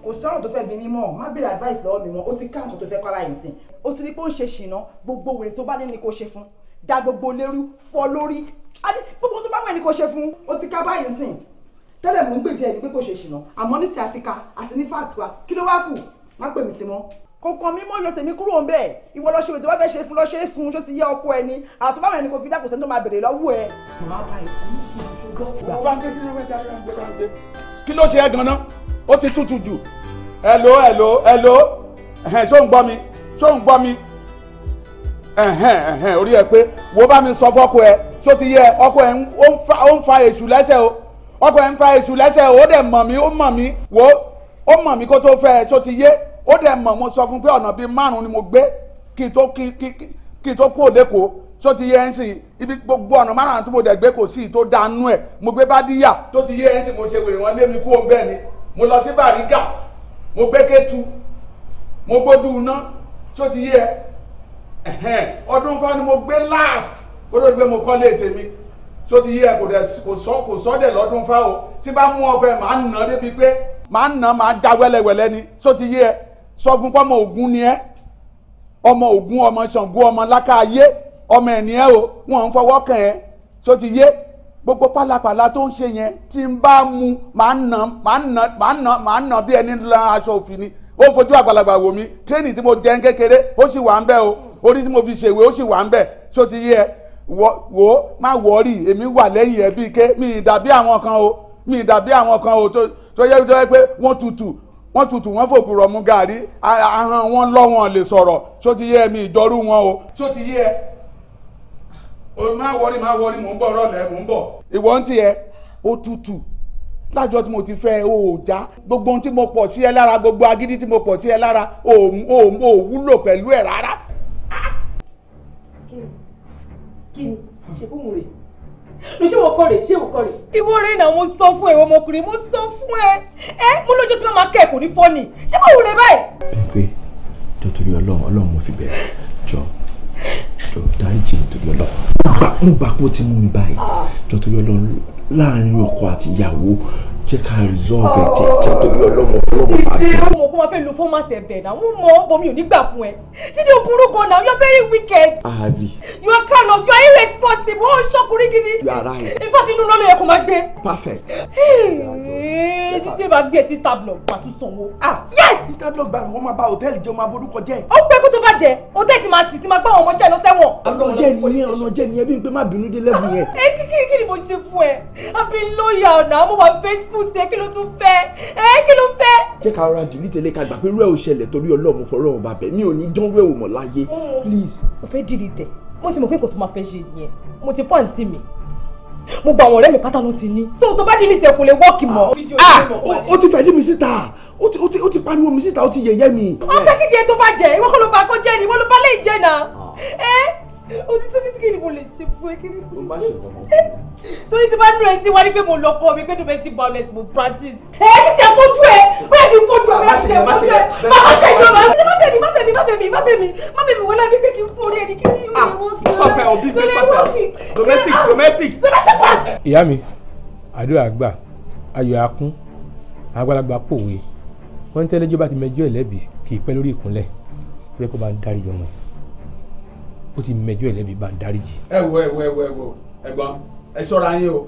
kò sọ̀rọ̀ tó fẹ́ bí mímọ́ má béèrè advice lọ́wọ́ mi mọ́ ó ti ká nǹkan tó fẹ́ kọ́ ara yìí sìn ó ti rí pé ó ń ṣe ṣìnà gbogbo wèrè tó bá ní ni kò ṣe fún da gbogbo lérú fọ́ lórí gbogbo tó bá wẹ̀ ni kò ṣe fún ó ti ká báyìí sìn tẹ́lẹ̀ mò ń gbèjẹ́ ẹni pé kò ṣe ṣìnà àmọ́ nísìnyí àti ká àti ní fàtúwa kí ló wá kù má pè mí sí mọ́ kò kàn mí mọ́ yọ tèmi kúrò ń bẹ̀ ìwọ lọ ṣe ètò bá fẹ́ ṣe fún lọ ṣe é fún ṣó ti yẹ ọkọ ẹ ni àtúbáwọn ẹni kò fi dákòsẹ́ tó máa bèrè lọ́wọ́ ẹ. kí ló ṣe ẹ gan-an ó ti tútù jù hello hello hello ṣó ń gbọ́ mi ṣó ń gbọ́ mi orí ẹ pé wo bá mi sọ fọ́kọ ẹ ṣó ti yẹ ọkọ ẹ ó ń fa èṣù lẹ́sẹ̀ o ọkọ ẹ ń fa èṣù lẹ́sẹ̀ o ó dẹ̀ mọ̀ mí ó mọ̀ mí wo ó mọ̀ mí kó tó fẹ́ ẹ ṣó ti yé ó dẹ̀ mọ̀ mo sọ fún pé ọ̀nà bíi márùn-ún ni mo gbé kí n tó kí kí kí n tó kú òdekò tó ti yẹ ẹ́ sìn ibi gbogbo ọ̀nà márùn-ún tó mo dẹ̀ gbé kò sí i tó dánú ẹ̀ mo gbé bádíyà tó ti yẹ ẹ́ sìn mo ṣe wèrè wọn lé mi kú ọgbẹ́ ni mo lọ sí bàrígà mo gbé kétu mo gbódú iná tó ti yẹ ẹ ọdún fani mo gbé last kó tó di pé mo kọ́ lé tèmi tó ti yẹ kò sọ kò sọ dẹ̀ lọ́dún fa o tí bá mú ọbẹ̀ màá nà débi pé màá nà màá já wẹ́lẹ́wẹ́lẹ́ ni tó ti yẹ sọ fún pé ọmọ Ògún ni ẹ́ ọmọ Ògún ọmọ Ṣàngó ọmọ lákàáyé ọmọ ẹ̀ ni ẹ́ o wọn ń fọwọ́ kàn ẹ́ tó ti yé gbogbo pálapàla tó ń ṣe yẹn tí ń bá mu màá nà màá nà màá nà màá nà bí ẹni la aṣọ òfin ni ó fojú àgbàlagbà wò mí tírénì tí mo jẹ ń kékeré ó sì wà ń bẹ o orí tí mo fi ṣèwé ó sì wà ń bẹ tó ti yé ẹ wò má wọrí èmi wà lẹ́yìn ẹ̀ bíi ké mi ì dàbí àwọn kan o mi ì dàbí àwọn kan o tó yẹ pé wọ́n tutù wọ́n tutù wọ́n fòkù rọ̀mú gàrí ahọ́n wọn lọ́wọ́n lè sọ̀rọ̀ tó ti yé ẹ̀mí ìdọ́rú wọn o tó ti yé ẹ. o má wọrí má wọrí mò ń bọ̀ rọ̀lẹ́ mò ń bọ̀. ìwọ ń tiẹ̀ ó tutù lájọ tí mo ti fẹ́ òòjá gbogbo ohun tí mo pọ̀ sí ẹ lára gbogbo agídí tí mo pọ̀ sí ẹ lára ò wúlò pẹ̀lú ẹ rárá. kí ni kí ni ṣe fún mi rè é lọ ṣé wọ́n kọ́ rè ṣé wọ́n kọ́ rè. ìwọ rẹ̀ náà mo sọ fún ẹ ọmọkùnrin mo sọ fún ẹ ẹ mo lójú tí mo máa kẹ́ẹ̀kọ́ ní fọ́ọ̀nì ṣé mo wù rẹ báyìí. pé nítorí ọlọ́run ọlọ́run mo fi bẹ̀rẹ̀ jọ jọ dáríjì nítorí ọlọ́run mo gbà pé ó ti mú mi báyìí nítorí ah. ọlọ́run láàrin ọkọ àti ìyàwó jẹ́ ká resolve ẹ̀ jẹ́jẹ́ torí ọlọ́mọ ọlọ́mọ máa jẹ́. àwọn òkú máa fẹ́ lo fọ́màtì ẹ̀bẹ̀ náà wọ́n mọ ọ̀bọ mi ò ní gbà fún ẹ jíde òkúrú gan náà you are very wicked. àbí. you are callous you are irresponsible ó ṣọkùnrin gidi. you are right. in fact inú lọ́nà yẹ kó máa gbé. perfect. jíde máa gbé sí star block pàtó sanwó. ah yes. star block báyìí wọ́n máa ba hòtẹ́ẹ̀lì jẹ́ máa borúkọ jẹ́. ó pẹ́ kó tó bá jẹ hòtẹ́ẹ̀lì ti máa tì ti máa gbá àwọn ọmọọṣẹ́ fún tiẹ̀ kí ló tún fẹ́ ẹ kí ló fẹ́. jẹ́ ká ara dìrí tẹ́lẹ̀ ká gbà pé irú ẹ̀ ò ṣẹlẹ̀ torí ọlọ́mọ fọ́rọ́ ọ̀ba bẹ̀ mi ò ní dán irú ẹ̀ wò mọ̀ láyé mm. please. mo fẹ́ dìrí tẹ̀ mo ti mọ̀ pé nǹkan tó máa fẹ́ ṣe nìyẹn mo ti fọ́ àǹtí mi mo gba àwọn ọ̀rẹ́ mi pátá ló ti ní so tó bá dì ní tiẹ̀ kò lè wọ́ọ̀kì mọ́. Ah, ah, ó ti fẹ̀dí mi síta ó ti pariwo mi síta ó ti yẹ̀yẹ́ mi. ọ̀pẹ́ kìdí ẹ tó bá jẹ ìwọ́n kọ́ ló bá kọ́ jẹ́ ni ìwọ́n ló bá lè jẹ́ náà. Ah. Eh? òtí tó fi sí kéde mo lè ṣe fún ẹ kéde. o má ṣe kankan fún mi. Eh, torí ti bá nù ẹ sí wá ní pé mo lọ kọ mi pé domestic violence mo practice. ẹ ẹ ti tẹ fojú ẹ ó yẹ kí n fojú ẹ ti tẹ fojú ẹ má ṣe jọ má ṣe má bẹ̀ mí má bẹ̀ mí má bẹ̀ mí má bẹ̀ mí má bẹ̀ mí wọlé àbí pé kí n forí ẹni kí n yí ìwé wọ́ọ̀kì. stop ẹ òbí gbé stop ẹ domestic domestic. ìyá mi àdúrà àgbà ayọ̀ akún àgbàlagbà pòwe wọ́n ń tẹ́lẹ́jọ́ bá ti mẹjọ́ ẹ̀lẹ́bì kì í pẹ́ lórí ìkúnlẹ̀ pé kó máa ń dárí ọmọ yìí ó ti mẹjọ ẹlẹ́bi bá ń dáríjì. ẹ wo ẹ wo ẹ wo ẹ wo ẹ̀gbọ́n ẹ ṣọ́ra yín o.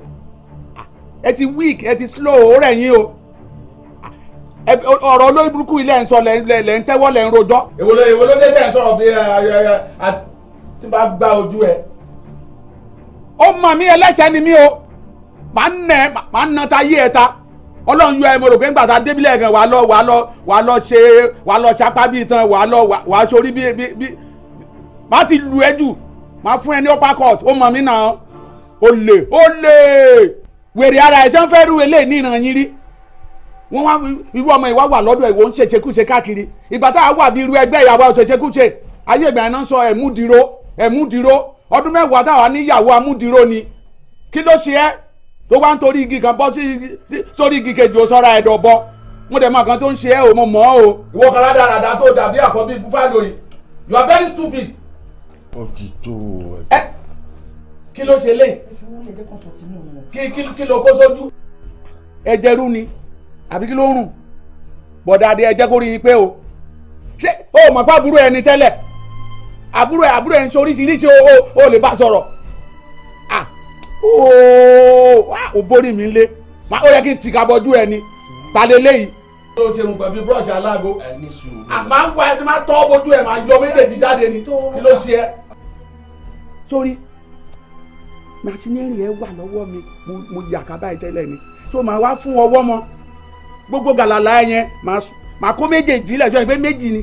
ẹ ti weak ẹ ti slow ó rẹ̀ yín o ọ̀rọ̀ olórí burúkú ilé ẹ̀ ń sọ lẹ̀ ń tẹ́wọ́ lẹ̀ ń rojọ́. èwo ló èwo ló dé tẹ̀ ń sọ̀rọ̀ bí tí bá gba ojú ẹ. ó mọ̀ mí ẹlẹ́sẹ̀ ni mí o màá nẹ màá nà ta yé ẹ ta ọlọ́run yọ ẹ mo rò pé ńgbà tá a débílẹ̀ gan wàá lọ wàá lọ wàá lọ ṣe wàá lọ ṣapá bíi tán wàá lọ wàá sórí bíi bíi má ti lu ẹ jù má fún ẹ ní upper court ó mọ̀ mí náà ó lè ó lè wèrè ara ẹ̀ ṣé ń fẹ́ rú eléyìí ní ìran yín rí wọ́n wá irú ọmọ ìwá wà lọ́dọ̀ ìwọ ń ṣe ṣekúṣe káàkiri ìgbà tá a wà bí irú ẹgbẹ́ ìyàwó ayé ìgbà iná ń sọ ẹ̀múdìró ni kí ló ṣe ẹ́ tó wá ń torí igi kan bọ́ sórí igi kejì ẹ̀dọ̀ bọ́ mo dẹ̀ mọ tó ń ṣe o mo o. ìwọ kan tó dàbí àkọ́bí you ó ti tó o. ẹ kí ló ṣe lé kí ló kó sójú ẹ̀jẹ̀ rú ni àbí kí ló ń rùn bọ̀dà adé ẹ̀jẹ̀ kó rí i pé o ṣé o mọ̀ pé àbúrò ẹni tẹ́lẹ̀ àbúrò ẹ àbúrò ẹ ń ṣoríṣiríṣi o ò lè bá sọ̀rọ̀ à ó borí mi lé ó yẹ kí n tìka bọjú ẹ ni ta lè léyìí. ó ti rùn pẹ̀lú búrọ̀ṣì aláàgó àmọ́ àwọn ẹni máa tọ́ bójú ẹ̀ máa yọ méjèèjì jáde ni kí ló ṣe ẹ́ sórí machinery ẹ wà lọ́wọ́ mi mo yàkábá ìtẹ́lẹ̀ mi tó máa wá fún ọwọ́ mọ gbogbo gàlàlà yẹn màá kó méjèèjì lẹ̀ sọ pé méjì ni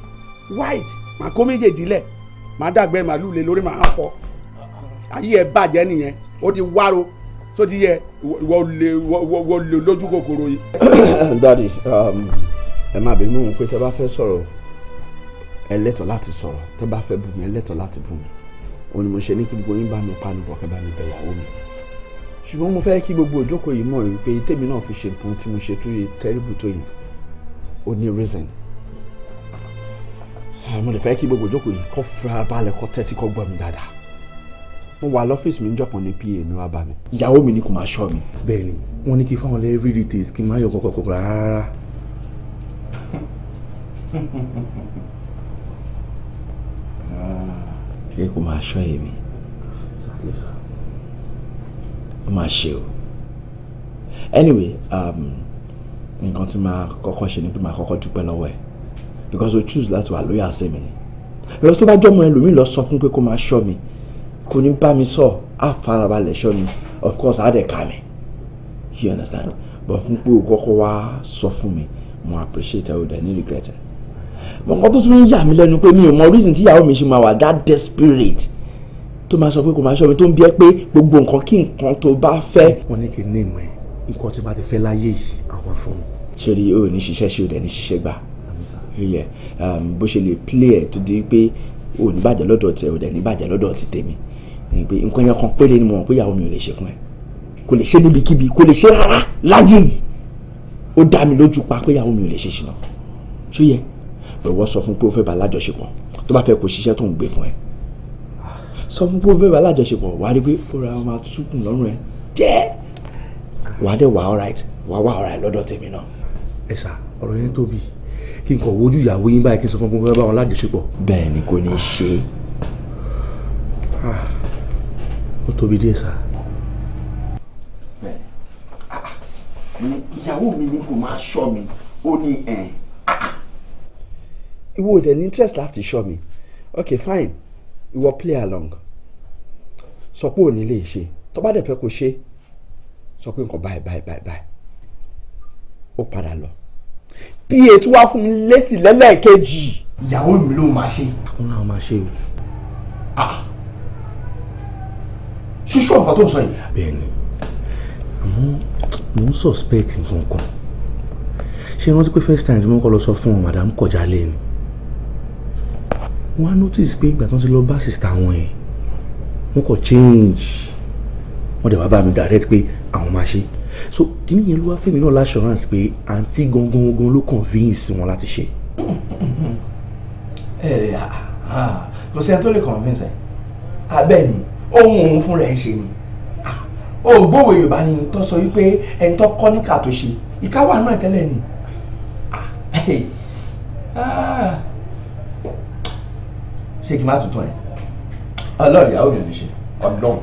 white màá kó méjèèjì lẹ̀ màá dàgbẹ́ màálù lé lórí màá fọ ayé ẹ bàjẹ́ nìyẹn ó di wárò tó ti yẹ ìwọ lè ìwọ lè lójú kòkòrò yìí. dadi um, ẹ má bínú pé tẹ bá fẹ́ sọ̀rọ̀ ẹ lẹ́tọ̀ọ́ láti sọ̀rọ̀ tẹ bá fẹ́ bù mí ẹ lẹ́tọ̀ọ́ láti bù mí òun ni mo ṣe ní kí gbogbo yín bá mi panu bọ̀ kẹ́ bá mi bẹ̀ ìyàwó mi ṣùgbọ́n mo fẹ́ kí gbogbo òjókòó yìí mọ̀ wípé tèmi náà fi ṣe nǹkan tí mo ṣe tó yẹ tẹ́rìbù tó yìí ó ní reason mo lè fẹ́ kí gbogbo òjókòó yìí kọ́ fura balẹ̀ kọ́ tẹ́tí kọ́ gbọ́ mi dáadáa mo wà lọ́fíìsì mi níjọ́ kan ní pa mi wá bá mi. ìyàwó mi ni kò máa ṣọ́ mi. bẹ́ẹ̀ ni wọ́n ní kí fáwọn lè rí details kí n má yọ kọ́kọ́ kọ́ rárá. ah. pé kò máa ṣọ́ èmi ó máa ṣe o anyway um, nǹkan tí máa kọ́kọ́ ṣe ni pé máa kọ́kọ́ dúpẹ́ lọ́wọ́ ẹ̀ because o choose láti wà lóyà sí mi ni because tó bá jọ́mọ ẹlòmíì lọ sọ fún pé kó máa ṣọ́ mi kò ní bá mi sọ á farabalẹ̀ ṣọ́ mi of course á dẹ̀ ká mi you understand but fún pé o kọ́kọ́ wá sọ fún mi mo appreciate ẹ o dẹ̀ ní regret ẹ mọ nǹkan tó tún yà mí lẹ́nu pé mi ò mọ reason tí ìyàwó mi ṣe máa wà that desperate tó máa sọ pé kò máa ṣọ́ mi tó ń bí ẹ pé gbogbo nǹkan kí nǹkan tó bá fẹ́. wọn ní kí n ní ìmọ̀ ẹ̀ nǹkan tí bá ti fẹ́ láyé yìí àwọn fún mi. ṣé rí o ní ṣiṣẹ́ ṣe o dẹ̀ ní ṣiṣẹ́ gbà um, bó ṣe lè play ẹ̀ tó di pé o ní bàjẹ́ lọ́dọ̀ tẹ o dẹ̀ ní bàjẹ́ lọ́dọ̀ ti tèmi nǹkan yẹn kan péré ni mo mọ̀ pé ìyàwó mi ò lè ṣe fún ẹ kò lè ṣe níbikíbi kò lè ṣe rárá láyé yìí ó dá mi lójú pa pé ìyàwó ìwọ sọ fún pé o fẹ́ bá alájọṣepọ̀ tó bá fẹ́ kó ṣiṣẹ́ tó ń gbé fún ẹ sọ fún pé o fẹ́ bá alájọṣepọ̀ wà á rí pé ó ra ọmọ àtúntún lọ́rùn ẹ jẹ́ wà á dẹ̀ wà alright wà á wà alright lọ́dọ̀ tèmi náà. ẹ sà ọ̀rọ̀ yẹn tóbi kí n kàn wojú ìyàwó yín báyìí kí n sọ fún pé o fẹ́ bá wọn alájọṣepọ̀. bẹ́ẹ̀ ni kò ní í ṣe. Ah, ó tóbi díẹ̀ sà. Ah, ah. ìyàwó mi ni kò máa ṣọ́ mi ó ní ẹ̀ ìwọ ò dẹ̀ ní interest láti ṣọ́ mi ok fine ìwọ play along sọ pé ò ní lè ṣe tó bá dẹ̀ fẹ́ kó ṣe sọ pé nǹkan báyìí báyìí báyìí báyìí ó padà lọ pa tí wàá fún mi lésì lẹ́lẹ́ẹ̀kejì. ìyàwó mi ló máa ṣe. òun náà máa ṣe o. Ah. ṣíṣú ọ̀pá tó ń sọ yìí. bẹ́ẹ̀ni àmọ́ mò ń suspect nǹkan kan ṣé rántí pé first time tí mo kọ́ lọ sọ fún ọ madam kọjá lé wọ́n á notice pé ìgbà tí wọ́n ti lọ bá sista wọn yẹn wọ́n kò change wọ́n dẹ̀ wá bá mi direct pé àwọn máa ṣe so kíní yẹn ló wá fẹ́mi náà l'assurance pé àǹtí gangan gangan ló convince wọn láti ṣe. ẹ ẹ kò sí ẹni tó lè convince ẹ abẹ́ ni ohun òun fúnra ẹ ṣe ni ògbówó yorùbá ni tó sọ wípé ẹni tó kọ́ níkà tó ṣe ìkáwá náà tẹ́lẹ̀ ni ṣé kí n má tuntun ẹ̀ ọlọ́run ìyàwó rẹ̀ lè ṣe ọlọ́run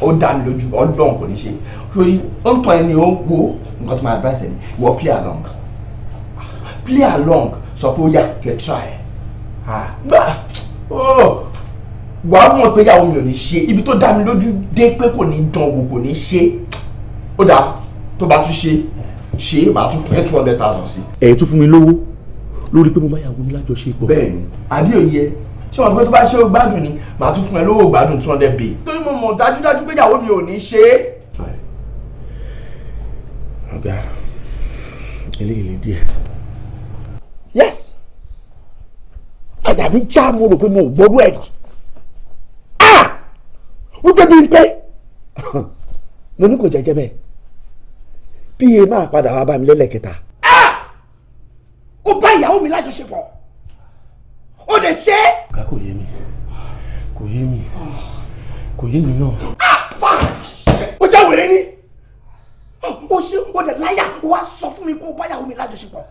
ó dá mi lójú ọlọ́run kò ní ṣe sórí ó ń tọ́ ẹni ó ń wo nǹkan tí mo advice ẹ ni ìwọ play along play along sọ pé ó yà kẹ try ẹ gbà oh! wàá mọ̀ pé ìyàwó mi ò ní ṣe ibi tó dá mi lójú dé pé kò ní dán wò kò ní ṣe ó dáa tó bá tún ṣe ṣe màá tún fún ẹ two hundred thousand sí. ẹ tún fún mi lówó lórí pé mo máa yàwó mi lájọṣepọ̀. bẹ́ẹ̀ni adéoyè ṣé wọn gbé tó bá ṣe ó gbádùn ni màá tún fún ẹ lówó gbádùn two hundred bay. torí mo mọ̀ dájúdájú pé ìyàwó mi ò ní ṣe é. ọ̀gá eléyìí lè díẹ̀. yes àyà mi já mo rò pé mo ò gbọ́dọ̀ ẹ̀ rí wípé bíi pé mo ní kò jẹ́jẹ́ bẹ́ẹ̀ bí e máa padà wá bá mi lẹ́lẹ̀kẹta ó bá ìyàwó mi lájọṣepọ̀ ó lè ṣe é. ọ̀gá kò yé mi kò yé mi kò yé mi náà. àfa ah, o jẹ́ wèrè ni o ṣe o lè láyà o wá sọ fún mi kó o bá ìyàwó mi lájọṣepọ̀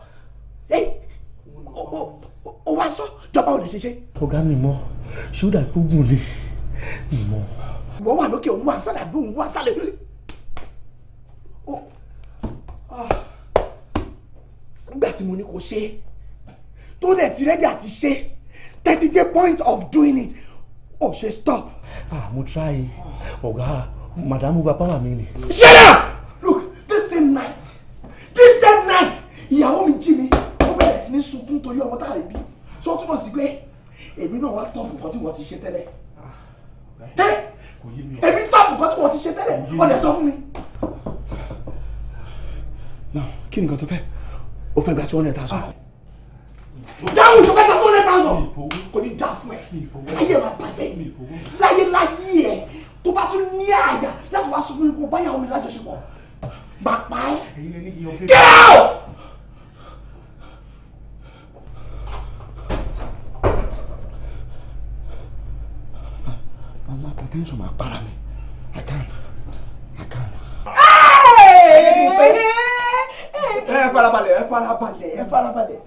o wá sọ jọba o lè ṣe ṣe. ọ̀gá mi mọ ṣé ó dàbí ogun ni mi mọ. wọ́n wà lókè òun wà sálẹ̀ àbí òun wà sálẹ̀. tí mo ní kó ṣe tó dẹ̀ ti rẹ́dí àti ṣe thirty day point of doing it ò ṣe stop. ah mo try ọ̀gá madam gba power mi ni. shut up look this same night this same night ìyàwó mi jí mi ó bẹ̀rẹ̀ sí ní sunkún torí ọmọ tá a lè bí so ó túmọ̀ sí pé èmi náà wá tọ́pù nǹkan tí wọ́n ti ṣe tẹ́lẹ̀ ah, eh? èmi tọ́pù nǹkan tí wọ́n ti ṣe tẹ́lẹ̀ ó lè sọ fún mi. now kí ni nǹkan tó fẹ́ o fẹ́ gba two hundred thousand. dáhùn tó fẹ́ gba two hundred thousand kò ní dá fún ẹ ayé ma bàjẹ́ yìí láyé láyé ẹ tó bá tún ní àyà láti wá sọ fún mi kó báyàwó mi lájọṣepọ̀ gbàgbá ẹ get out. alápatẹ́ńsọ̀ máa my mi. ẹ farabalẹ̀ ẹ farabalẹ̀ ẹ farabalẹ̀.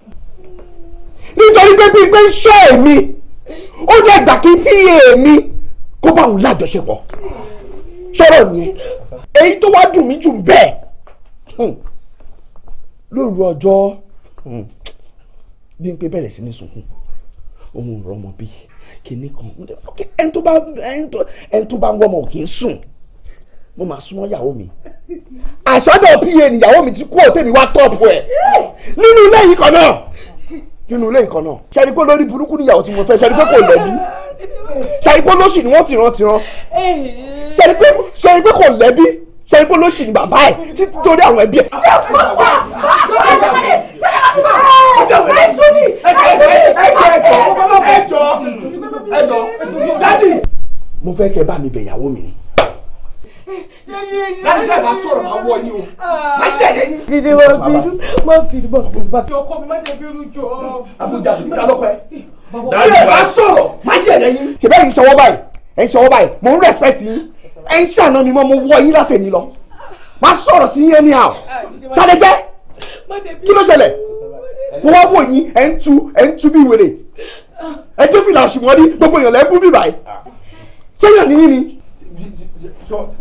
nítorí pé bí pé ń ṣọ́ èmi ó jẹ́ ìgbà kí pa èmi kó bá òun lájọṣepọ̀ sọ̀rọ̀ yẹn èyí tó wá dùn mí jù bẹ́ẹ̀ hmm. lóru ọjọ́ hmm. bí n pé bẹ̀rẹ̀ sí ní sunkún òun rọmọ bí kinní kan ẹni tó bá ń wọ́mọ kì í sùn mo máa súnmọ́ ìyàwó mi àsọdọ̀ pa nìyàwó mi ti kú òtẹ́mi wá tọ́pù ẹ̀ nínú ilé yìí kan náà nínú ilé nǹkan náà ṣẹ́ni pé lórí burúkú níyàwó tí mo fẹ́ ṣẹ́ni pé kò lẹ́bí ṣẹ́ni pé lóṣì ni wọ́n ti rán ti rán ṣẹ́ni pé ṣẹ́ni pé kò lẹ́bí ṣẹ́ni pé lóṣì ni bàbá ẹ̀ títí torí àwọn ẹbí ẹ̀. ẹjọ́ ẹjọ́ ẹjọ́ dádì. mo fẹ́ kẹ́ bá mi bẹ̀ ìyàwó mi ni láti ká ìbá sọ̀rọ̀ máa wọ yín o má jẹ́ yẹn yín. dídé wọn bínú má bínú má bínú bá. ọkọ mi má jẹ bínú jọ. àbújá mi ta lọkọ ẹ. láti ìbá sọ̀rọ̀ má jẹ́ yẹn yín. ṣèbẹ́ yìí ń ṣọwọ́ báyìí ẹ̀ ń ṣọwọ́ báyìí mò ń respect yín ẹ̀ ń ṣàná mi mọ́ mo wọ yín látẹ̀mí lọ má sọ̀rọ̀ sí yín ẹni àw tàdé jẹ́ kí ló ṣẹlẹ̀ mo wá wò yín ẹ̀ ń tu ẹ̀ ń tu bí wèrè ẹ jẹ́ fìlà àṣùmọ́rí gbogbo èèyàn lẹ́ bú bíbáyìí ṣé èèyàn ní yín ni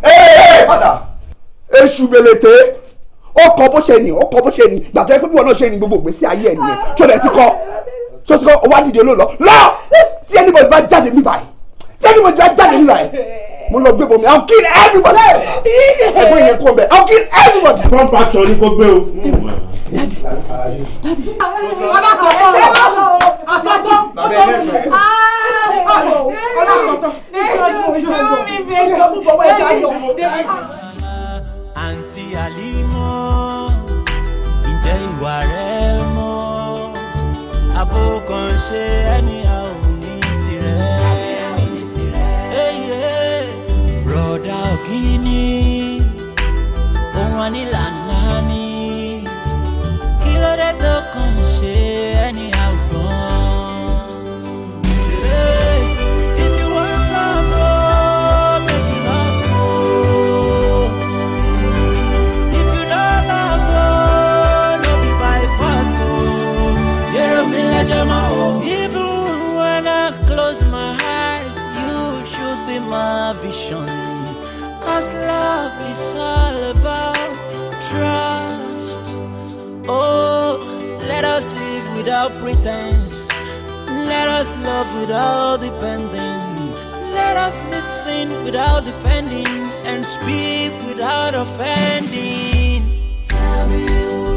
ẹ padà èṣù gbèlété ó kọ bó ṣe nì ó kọ bó ṣe nì gbàtọ́ ẹgbẹ́ wọn náà ṣe nì gbogbo ìgbésí ayé ẹ̀ nìyẹn ṣọlẹ̀ ti kọ́ ṣó ti kọ́ ó wá dìde ló lọ lọ tí ẹnìbọ̀dì bá jáde mi báyìí tí ẹnìbọ̀dì bá jáde mi mo lọ gbé bomi i kill everybody ẹ̀gbọ́n yẹn kó bẹ i will kill everybody. pump action ni kò gbé o. dadi dadi. ọlọ́sọ̀tọ̀ ọ̀sọ̀tọ̀ ọlọ́sọ̀tọ̀ ìjọ ìjọ ìjọ ìjọ púpọ̀ ẹja yọ. àǹtí àlímọ́ ǹjẹ́ ìwà rẹ̀ mọ́ abókan ẹni à. ọ̀dà òkíní òun ànílànà ni kí ló dé Let us live without pretense. Let us love without depending. Let us listen without defending and speak without offending. Tell me